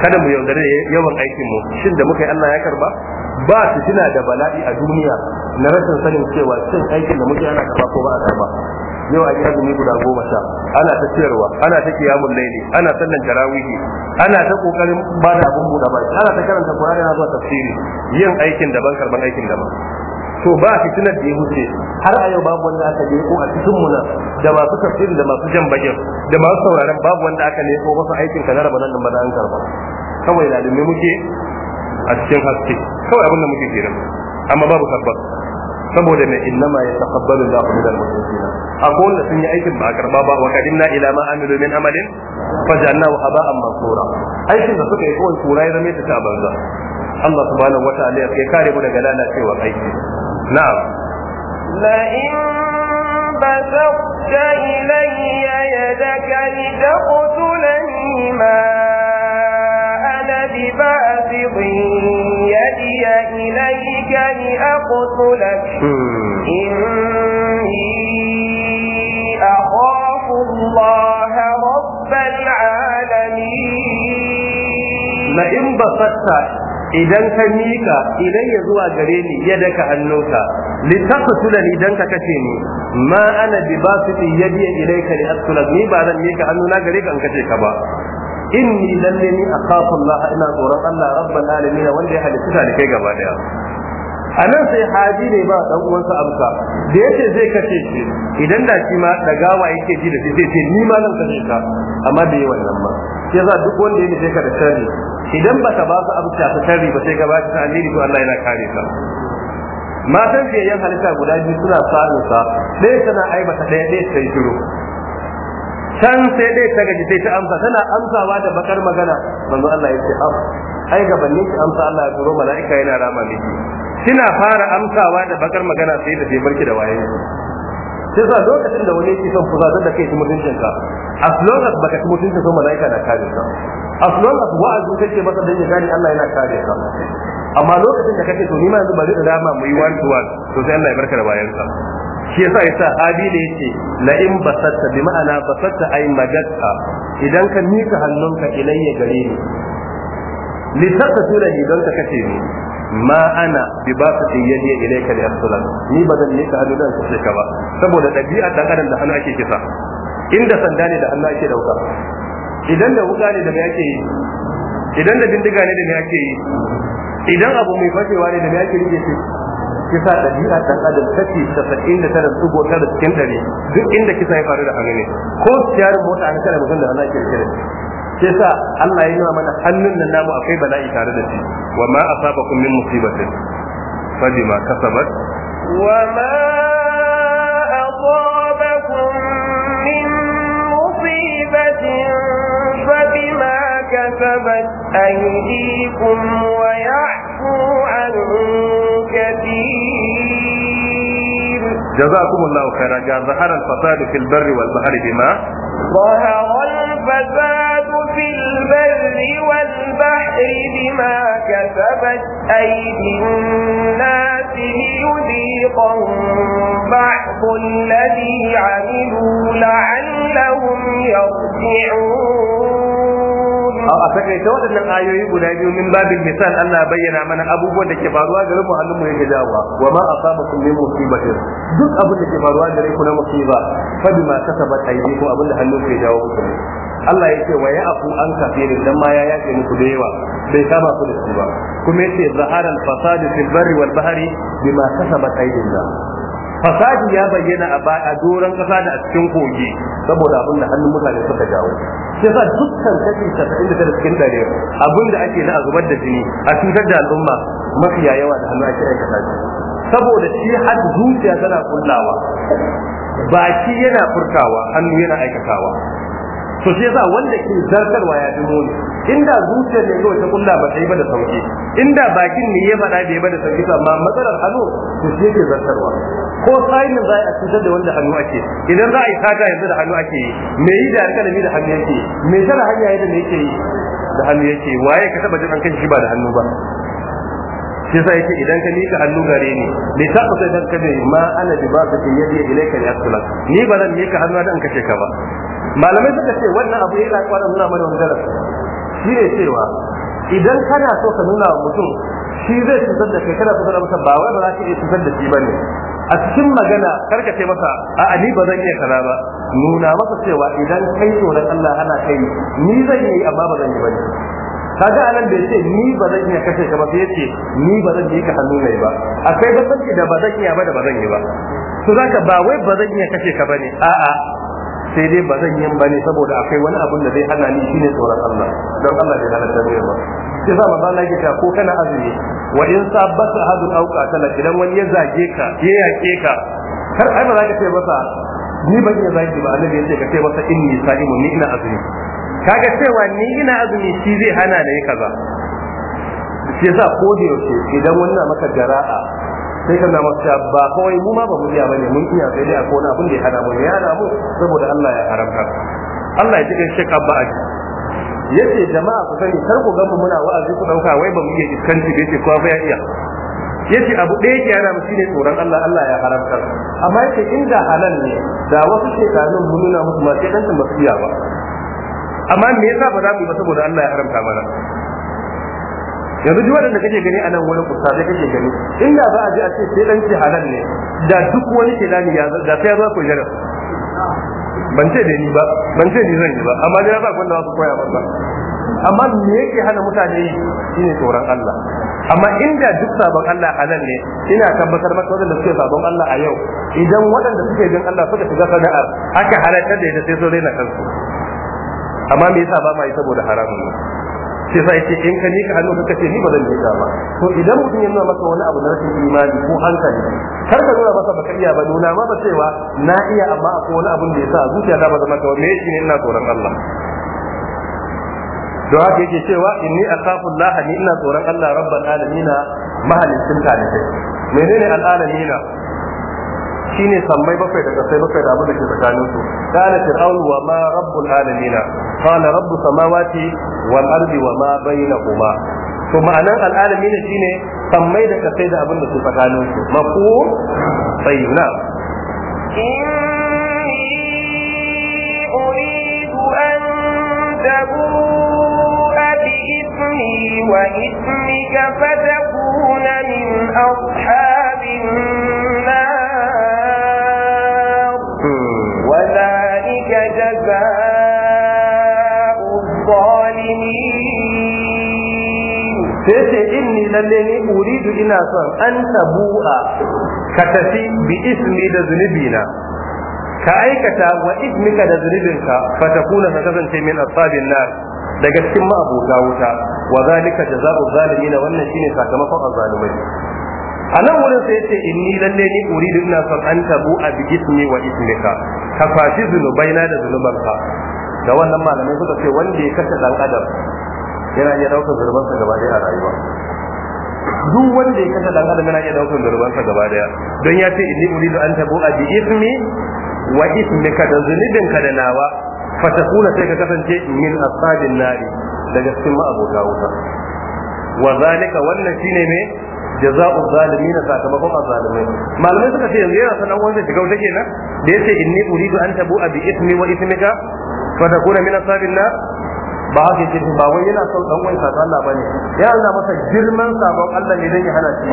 kada mu yaudare yawan aikin mu shin da muka yi Allah ya karba ba su tuna da bala'i a duniya na rashin sanin cewa cin aikin da muke ana karba ko ba a karba yau an yi azumi guda goma sha ana ta ciyarwa ana ta kiyamun laili ana sannan tarawihi ana ta kokarin ba da abin buɗa ba ana ta karanta qur'ani ana zuwa tafsiri yin aikin daban karban aikin daban to ba fitinar da ya huce har a yau babu wanda aka je ko a cikin muna da masu tafsiri da masu jan bakin da masu sauraron babu wanda aka ne ko masu aikin ka na nan da an karba kawai da muke a cikin haske kawai abin da muke kenan amma babu tabbas saboda mai inna ya taqabbalu Allahu min al-muttaqin akwai wanda sun yi aikin ba a karba ba wa qadimna ila ma amilu min amalin fajannahu haba'an mansura aikin da suka yi kawai kura ya zame ta ta banza Allah subhanahu wata'ala ya kare mu daga lalacewar aiki na'am la in بسطت إلي يدك لتقتلني ما أنا بباسط أوحي إليك لأقتلك hmm. إني أخاف الله رب العالمين لئن بسطت idan ka mika idan ya zuwa gare ni ya daka hannunka litaqtula ni ka kace ni ma ana bi yadi ilayka li aqtula ni ba zan mika hannuna gare ka an kace ka ba inni lalle ni akhafu Allah ina tsoron Allah rabbal alamin wanda ya halitta da kai gaba daya a nan sai haji ne ba dan uwansa amsa da yace zai kace shi idan da shi ma da dagawa yake ji da shi zai ce ni ma nan kace ka amma da yawan nan ma sai za duk wanda ya sai ka da sharri idan ba ka ba su amsa ta sharri ba sai ka ba shi alheri to Allah yana kare ka matan fiye yan halitta guda biyu suna samun sa ɗaya tana aibata ɗaya ɗaya ta yi shiru can sai dai ta gaji sai ta amsa tana amsawa da bakar magana manzo Allah ya ce am ai gabanin ki amsa Allah ya turo mala'ika yana rama miki kina fara amsawa da bakar magana sai da sai barki da waye sai sa lokacin da wani yake son fuzatar da kai mutuncin ka as long as baka ci mutuncin so mala'ika na kare ka as long as wa'azi kake masa dan ya gani Allah yana kare ka amma lokacin da kake to ni ma yanzu bari in rama mu yi wani to one to sai Allah ya barka da bayan ka shi yasa yasa da yace la in basatta bi ma'ana basatta ay magatta idan ka mika hannunka ilayya gare ni li taqtula ni don ka kace ni ma ana bi ba ka yadi ilayka li asla ni badan ne ka hannu dan kace ka ba saboda dabi'a dan adam da hannu ake kisa inda sanda ne da Allah yake dauka idan da wuga ne da me yake yi idan da bindiga ne da me yake yi idan abu mai fashewa ne da me yake yi kisa ɗabi'a ɗan adam kashi saba'in da tara ɗigo tara cikin ɗari duk inda kisa ya faru da hannu ne ko siyarin mota an kare mutum da hannu ake kira shi yasa Allah ya nuna mana hannun nan namu akwai bala'i tare da shi wa ma asabakum min musibatin fa bima kasabat wa ma asabakum min musibatin fa bima kasabat aydikum wa ya'fu 'an كثير جزاكم الله خيرا ظهر الفساد في البر والبحر بما ظهر الفساد في البر والبحر بما كسبت أيدي الناس ليذيقهم بعض الذي عملوا لعلهم يرجعون a takaita waɗannan ayoyi guda biyu min babin misal Allah ya bayyana mana abubuwan da ke faruwa garin mu hannun mu yake dawa wa ma asabakum min musibatin duk abin da ke faruwa da ku na musiba fa bi bima kasabat aydikum abin da hannun ke dawo ku Allah ya ce wa ya afu an kafirin dan ma ya yake muku da yawa bai kama ku da su ba kuma yace zaharal fasadu fil barri wal bahri bima kasabat aydin fasadi ya bayyana a doron kasa da a cikin kogi saboda abin da hannun mutane suka jawo sai sa dukkan kashi saba'in da cikin dare abin da ake na zubar da jini a cutar da al'umma mafiya yawa da hannu ake aikata shi saboda shi har zuciya tana kullawa baki yana furtawa hannu yana aikatawa to sai yasa wanda ke zartarwa ya fi muni inda zuciyar ne kawai ta kulla ba sai ba da sauki inda bakin ne ya faɗa bai ba da sauki amma matsalar hannu to sai yake zartarwa ko sai za a cutar da wanda hannu ake idan za a yi fata yanzu da hannu ake yi me yi da alƙalami da hannu yake me tara hanya yadda me yake yi da hannu yake waye ka taɓa jin an kashe shi ba da hannu ba shi yasa yake idan ka nika hannu gare ni li taqsa dan kabe ma ana da ba ka yadi yadda ya asla ni ba zan mika hannu an kashe ka ba malamai suka ce wannan abu yana kwanan nuna mana wani darasi shi ne cewa idan kana so ka nuna wa mutum shi zai cutar da kai kana so da mutum ba wai ba za ka iya cutar da shi bane a cikin magana karka ce masa a ani ba zan iya kaza ba nuna masa cewa idan kai tsoron Allah ana kai ni zan yi amma ba zan yi bane kaga anan bai ce ni ba zan iya kashe ka ba sai yace ni ba zan yi ka hannu ne ba akwai bambanci da ba zan iya ba da ba zan yi ba to zaka ba wai ba zan iya kashe ka bane a'a sai dai ba zan yin bane saboda akwai wani abun da zai hana ni shine tsoron Allah don Allah bai halatta ba sai sa manzo lagi ka ko kana azumi wa in hadu hadun auqatala idan wani ya zage ka ya yake ka kar ai ba za ka ce masa ni ba zan zage ba annabi ce ka ce masa inni sa'imun ni ina azumi kaga cewa ni ina azumi shi zai hana ne kaza sai sa ko da yaushe idan wani na maka jara'a sai kana cewa ba kawai mu ma ba mu biya bane mun iya sai dai akwai wani abin da ya hada mu ya hada mu saboda Allah ya haramta Allah ya cikin shekka ba a yace jama'a ku sani kar ku ga mu muna wa'azi ku dauka wai ba mu iya iskanci da yace kowa ya iya yace abu ɗaya yake yana mushi ne tsoron Allah Allah ya haramta amma yace inda halal ne da wasu shekarun mun nuna musu ma sai dan ba su ba amma me yasa ba za mu yi ba saboda Allah ya haramta mana yanzu duk wanda kake gani a nan wani kusa sai kake gani inda za a je a ce sai dan ce halal ne da duk wani ke dani ya da sai ya ku jira ban ce da ni ba ban ce ni zan yi ba amma dai za ku wanda za su koya ba amma me yake hana mutane yi shine tsoron Allah amma inda duk sabon Allah halal ne ina tabbatar maka wanda suke sabon Allah a yau idan waɗanda suke bin Allah suka shiga sana'a aka halartar da ita sai so daina kansu amma me yasa ba ma yi saboda haramun ne sai sai ce in ka nika hannu ka ce ni ba zan nika ba to idan mutum ya nuna masa wani abu na rashin imani ko hankali kar ka nuna masa baka iya ba nuna ma ba cewa na iya amma akwai wani abun da ya sa zuciya ta ba zama ta me ne ina tsoron Allah don haka yake cewa inni akhafu Allah ni ina tsoron Allah rabbal alamin mahalicin talibai menene al alamin shine sambai bakwai da kasai bakwai da abin da ke tsakanin su kana fir'aun wa ma rabbul alamin kana rabbus samawati wal ardi wa ma bainahuma to ma'anan al'alamin shine sammai da kasai da abin da ke tsakanin su mafu sayyuna تبوء وإثمك فتكون من أصحاب النار جزاء sai ce ni lalle ne uridu ina son an tabu'a ka tafi bi ismi da zunubina ka aikata wa ismika da zunubinka fa ta kuna ka kasance min asabin nar daga cikin ma abuta wuta wa zalika jazaa'u zalimina wannan shine sakamakon azzalumai a nan wurin sai ce inni lalle ni uridu ina son an tabu a bigismi wa ismika ka fashi na da ka. da wannan malamai suka ce wanda ya kashe dan adam yana iya daukar sa gaba ɗaya a rayuwa duk wanda ya kashe dan adam yana iya daukar sa gaba ɗaya don ya ce inni uridu an tabu a bigismi wa ismika da ka da nawa kula sai ka kasance min asabin nari daga cikin ma'abota wuta wa zalika wannan shine ne jaza'u zalimin sakamakon azzalimai malamai suka ce yanzu yana sanan wanda shiga wuta kenan da yace inni uridu an tabu abi ismi wa ismika fa takuna min ashabin ba haka yake ba wai yana son dan wani sakon Allah bane ya Allah masa girman sabon Allah ne ya hana shi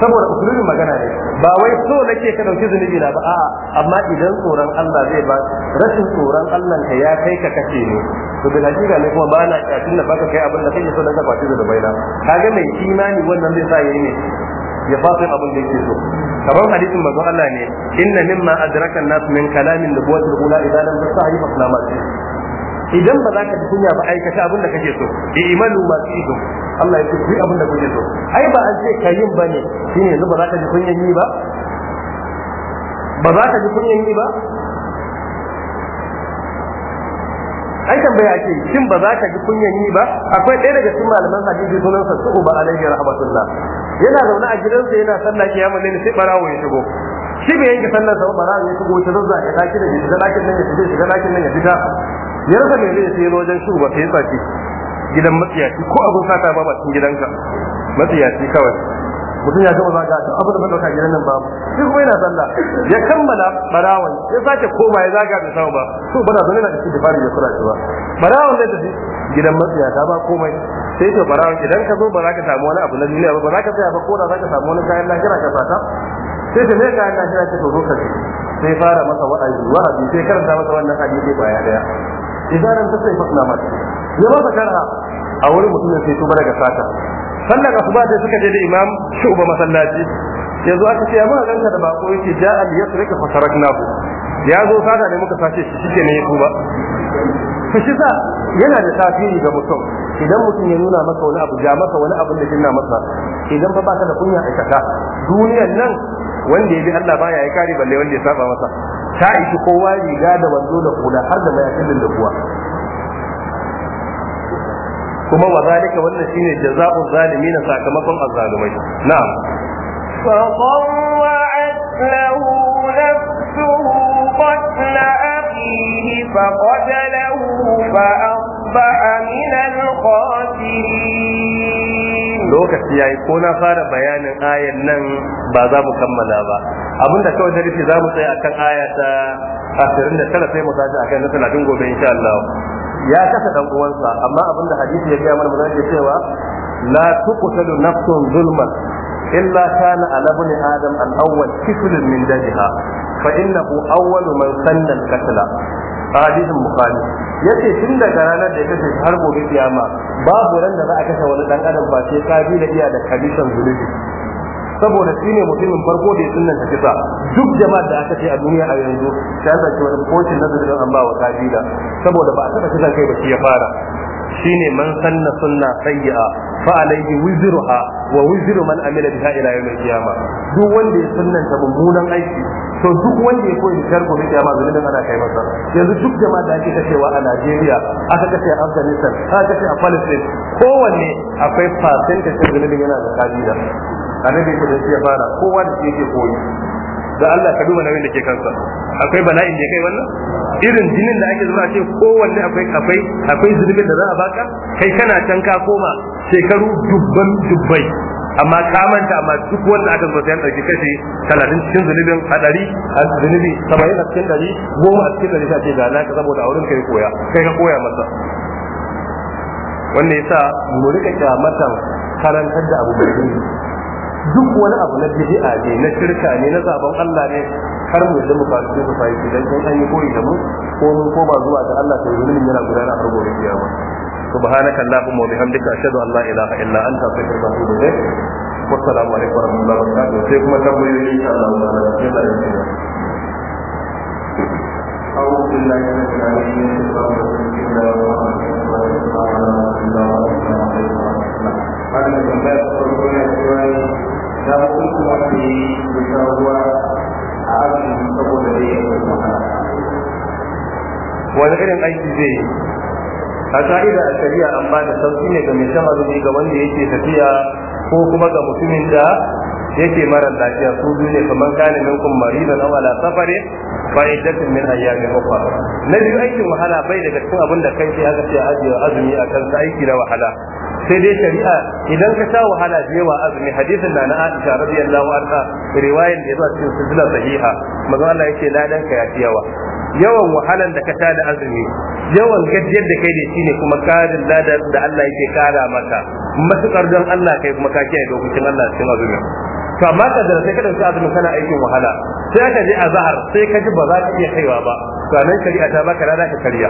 saboda usulun magana ne ba wai so nake ka dauki zunubi na ba a'a amma idan tsoron Allah zai ba rashin tsoron Allah ka ya kai ka kace ne to da hakika ne kuma ba na kyatun da baka kai abin da kake so dan ka kwaci da baina kaga mai imani wannan zai sa yayi ne ya fasa abin da yake so kamar hadisin manzo Allah ne inna mimma adraka an-nas min kalamin nubuwatil ula idan lam tasahi fa idan ba za ka ji kunya ba aikata abin da kake so ya imanu masu ido Allah ya ce duk abin da kake so ai ba an ce ka yin ba ne shine yanzu ba za ka ji kunyan yi ba ba za ka ji kunyan yi ba ai tambaya ake shin ba za ka ji kunyan yi ba akwai ɗaya daga cikin malaman hadisi sunan sa su ba alaihi rahmatullah yana zaune a gidansa yana sallah kiyamul ne sai barawo ya shigo shi bai yanke sallar sa barawo ya shigo ta zazzaga ta da ya shiga ɗakin nan ya shiga ɗakin nan ya fita ya rasa mai zai sai wajen shi ba sai sace gidan matsiyaci ko abin sata ba ba cikin gidanka matsiyaci kawai mutum ya gama zaka ta abu da ba dauka gidan nan babu shi kuma yana sallah ya kammala barawan ya sake koma ya zaga da samu ba to bana zo yana da shi da fari da kura ba barawan da tafi gidan matsiyata ba komai sai to barawan idan ka zo ba za ka samu wani abu na duniya ba ba za ka tsaya ba ko da za ka samu wani kayan lahira ka sata sai ta ne kayan lahira ka zo ka sai fara masa wa'azi wa'azi sai karanta masa wannan hadisi baya daya idan ta sai fasna mata ya ba masa karha a wurin mutumin sai tuba daga sata sannan suba sai suka je da imam shuba masallaci yanzu aka ce amma ganka da bako yake ja al yasrika ya zo sata ne muka sace shi shike ne ya tuba shi sa yana da tasiri ga mutum idan mutum ya nuna maka wani abu ja maka wani abu da jinna masa idan fa baka da kunya aikata duniyar nan wanda ya bi Allah baya ya kare balle wanda ya saba masa ta ishi kowa riga da wando da kula har da mayakin da kuwa kuma wa zalika wannan shine jaza'u zalimin sakamakon azzalumai na'am fa qawwa'at lahu nafsuhu qatla akhihi fa qatalahu fa asbaha min al-khasirin lokaci yayi ko na fara bayanin ayan nan ba za mu kammala ba abinda kawai da rufe za mu tsaya akan aya ta kala sai mu tashi akan na 30 gobe insha Allah ya kasa dan uwansa amma abinda hadisi ya ga mana mun ce cewa la tuqtalu nafsun zulman illa kana ala bani adam al awwal kiflun min dajha fa innahu awwalu man sanna al qatla hadisin bukhari yace tun daga ranar da ya kashe har gobe kiyama babu ran da za a kashe wani dan adam ba sai kabi da iya da kalisan zulubi saboda shi ne mutumin farko da ya sunan kisa duk jama'a da aka ce a duniya a yanzu sai an zaki wani kocin na zulubi an ba wa kabila saboda ba a saka kisan kai ba shi ya fara shine man sanna sunna sayyi'a fa alayhi wizruha wa wizru man amila biha ila yawm al-qiyama duk wanda ya ta mummunan aiki to duk wanda ya koyi shar gobe kiyama zulubin ana kai masa yanzu duk jama'a da ake kashewa a Najeriya aka kashe a Afghanistan aka kashe a Palestine kowanne akwai percentage zulubin yana da kabila annabi ko da shi ya fara kowa da shi yake koyi da Allah ka duba nauyin da ke kansa akwai bala'in da kai wannan irin jinin da ake zuwa ce kowanne akwai akwai akwai zulmin da za a baka kai kana can ka koma shekaru dubban dubbai amma ka manta amma duk wanda aka zo sayan dauki kashi 30 cikin zunubin hadari a zunubi 70 a cikin dari goma a cikin dari sai ga naka saboda wurin kai koya kai ka koya masa wannan yasa mu rika kyamatan karantar da abubuwan duk wani abu na bid'a ne na shirka ne na zaben Allah ne har mu da mutane su fayi idan kun an yi koyi da mu ko mun ko ba zuwa ga Allah sai zulmin yana gudana har gobe kiyama subhanaka allahumma wa bihamdika ashhadu an la ilaha illa anta astaghfiruka wa atubu ilaik wa assalamu alaikum wa rahmatullahi wa barakatuh sai kuma tambayoyi insha Allah ta'ala sai da yin أعوذ بالله من الشيطان الرجيم بسم الله الرحمن الرحيم السلام عليكم ورحمة الله وبركاته ruwa wani irin aiki zai yi a ka'ida a shari'a amma da sauki ne ga mai shan azumi ga wanda yake tafiya ko kuma ga mutumin da yake mara lafiya su biyu ne kamar kana minkum maridan aw ala safarin fa iddatun min ayyamin ukhra na biyu aikin wahala bai daga cikin abin da kai aka ce ajiye azumi a kan aiki na wahala sai dai shari'a idan ka sha wahala da azumi hadisin na na Aisha radiyallahu anha riwayar da yazo cikin silsila sahiha manzo Allah yake ladan ka fi yawa yawan wahalan da ka sha da azumi yawan gajiyar da kai ne shine kuma karin ladan da Allah yake kara maka matukar don Allah kai kuma ka kiyaye dokokin Allah cikin azumin to amma ka da sai ka dauki azumin kana aikin wahala sai aka je azhar sai ka ji ba za ka iya kaiwa ba to nan shari'a ta baka rana ka karya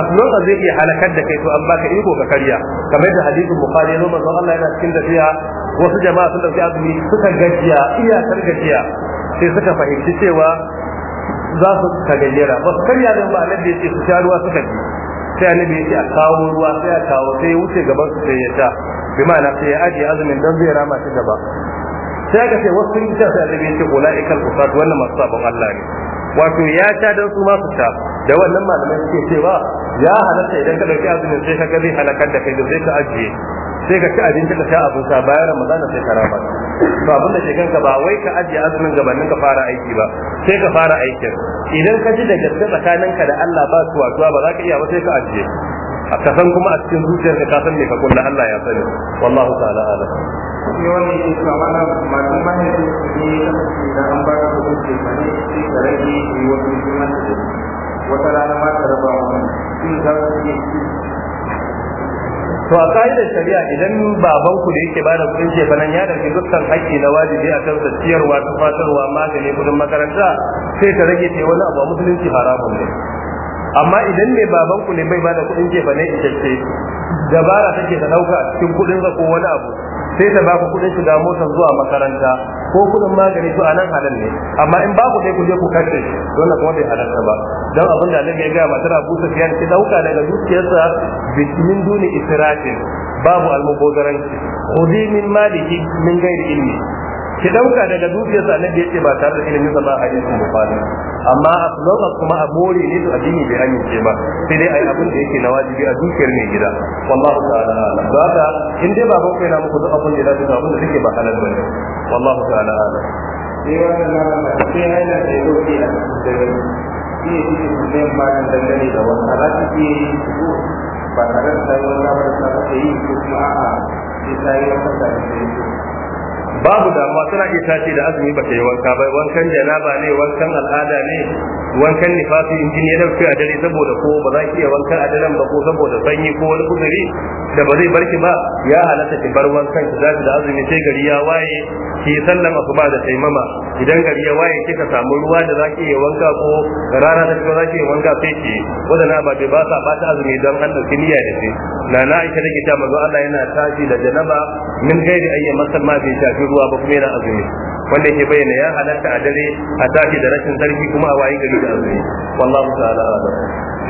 aslan ka zai iya halakar da kai to an baka iko ka karya kamar da hadisin bukhari ne manzo Allah yana cikin dafiya wasu jama'a sun dauki azumi suka gajiya iya gajiya sai suka fahimci cewa za su ka gayyara ba karya da ba annabi ya ce su sha ruwa suka ji sai annabi ya a kawo ruwa sai a kawo sai ya wuce gaban su sai ya sha bi ma'ana sai ya ajiye azumin dan zai rama shi gaba sai ka ce wasu yin ta sai annabi ya ce ulaiikal usat wannan masu sabon Allah ne wato ya ta dan su ma ta da wannan malamai suke cewa ya halatta idan ka dauki azumin sai ka ga zai da kai da zai ka ajiye sai ka ci abinci ka sha abin sa bayan ramadan sai ka raba to abin da ke ganka ba wai ka ajiye azumin gabanin ka fara aiki ba sai ka fara aikin idan ka ji da gaske tsakanin ka da Allah ba su wato ba za ka iya ba sai ka ajiye A kasan kuma a cikin zuciyarka ka san me ka kulla Allah ya sani wallahu ta'ala alam sai wannan ke cewa mana masu mahaifi ne ya kasance da an da rage wata rana ta to a ka'idar shari'a idan baban ku da yake kudin da ba shefanan ya dauki dukkan haƙƙi na wajibi a kan ciyarwa tufatarwa magani kudin makaranta sai ta rage ta wani abu musulunci haramun ne amma idan mai baban ku ne bai bada kuɗin jefa ne in isasshe dabara take ta ɗauka a cikin kuɗin ko wani abu sai ta baku kuɗin shiga motar zuwa makaranta ko kuɗin magani to anan halal ne amma in baku sai ku je ku kashe don kuma bai halarta ba don abin da Allah ya ga matar Abu Sufyan ki ɗauka daga dukiyarsa bismin duni israfin babu almubazaranci khudi min maliki min gairi ilmi ki dauka daga sa da yake ba tare da ilimin sa ba hadisin bukhari amma a lokacin kuma a bore ne to addini bai ce ba sai dai ayi abin da yake na wajibi a dukiyar mai gida wallahu ta'ala alam ba ka in dai ba kai na muku duk abin da zai abin da take ba halal bane wallahu ta'ala alam sai wannan na sai yana da da da ba da sai ba ta yi ko kuma a'a sai sai wannan da ke babu damuwa suna iya tashi da azumi ba ta yi wanka ba wankan janaba ne wankan al'ada ne wankan nifasi in jini ya dauke a dare saboda ko ba za ki iya wankan a daren ba ko saboda sanyi ko wani kuzuri da ba zai barki ba ya halatta ki bar wankan ki zafi da azumi sai gari ya waye ki sallama ku ba da taimama idan gari ya waye kika samu ruwa da za ki iya wanka ko rana ta ba za ki iya wanka sai ki wadana ba bai ba sa ba azumi don an dauki niyya da shi na na da ke ta Allah yana tashi da janaba min gairi ayyan masalma bai tafi. cikin ruwa ba kuma yana azumi wanda ke bayyana ya halatta a dare a tashi da rashin sarki kuma a wayi gari da azumi wallahu ta'ala a'lam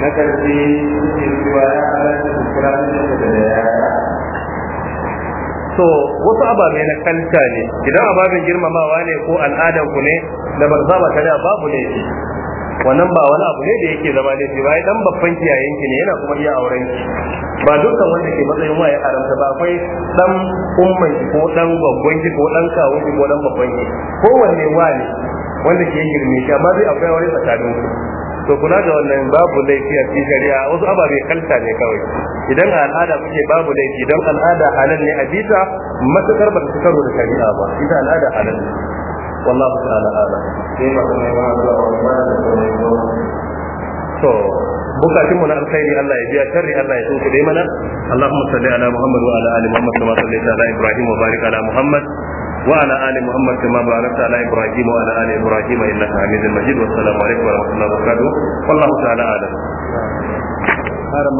na karfi cikin ruwa ya halatta da kura da yara so wasu ababe na kanta ne idan ababen girmamawa ne ko al'adar ku ne da ba saba ta da babu ne wannan ba wani abu ne da yake zama laifi ba dan babban kiyayenki ne yana kuma iya auren ki ba dukkan wanda ke matsayin wa haramta ba akwai dan umman ki ko dan babban ki ko dan kawo ki ko dan babban ki ko wanne wani wanda ke girme shi amma zai akwai wani tsakanin ku to kula ga wannan babu laifi a cikin shari'a wasu ababe kalta ne kawai idan al'ada kuke babu laifi don al'ada halal ne a bisa matukar ba ta karo da shari'a ba ita al'ada halal ne wallahu ta'ala ala to mu na alkhairi Allah ya biya sharri Allah ya tsoke mana Allahumma salli ala Muhammad wa ala ali Muhammad kama sallaita ala Ibrahim wa barik ala Muhammad وعلى ال محمد كما باركت على ابراهيم وعلى ال ابراهيم انك حميد مجيد والسلام عليكم ورحمه الله وبركاته والله تعالى اعلم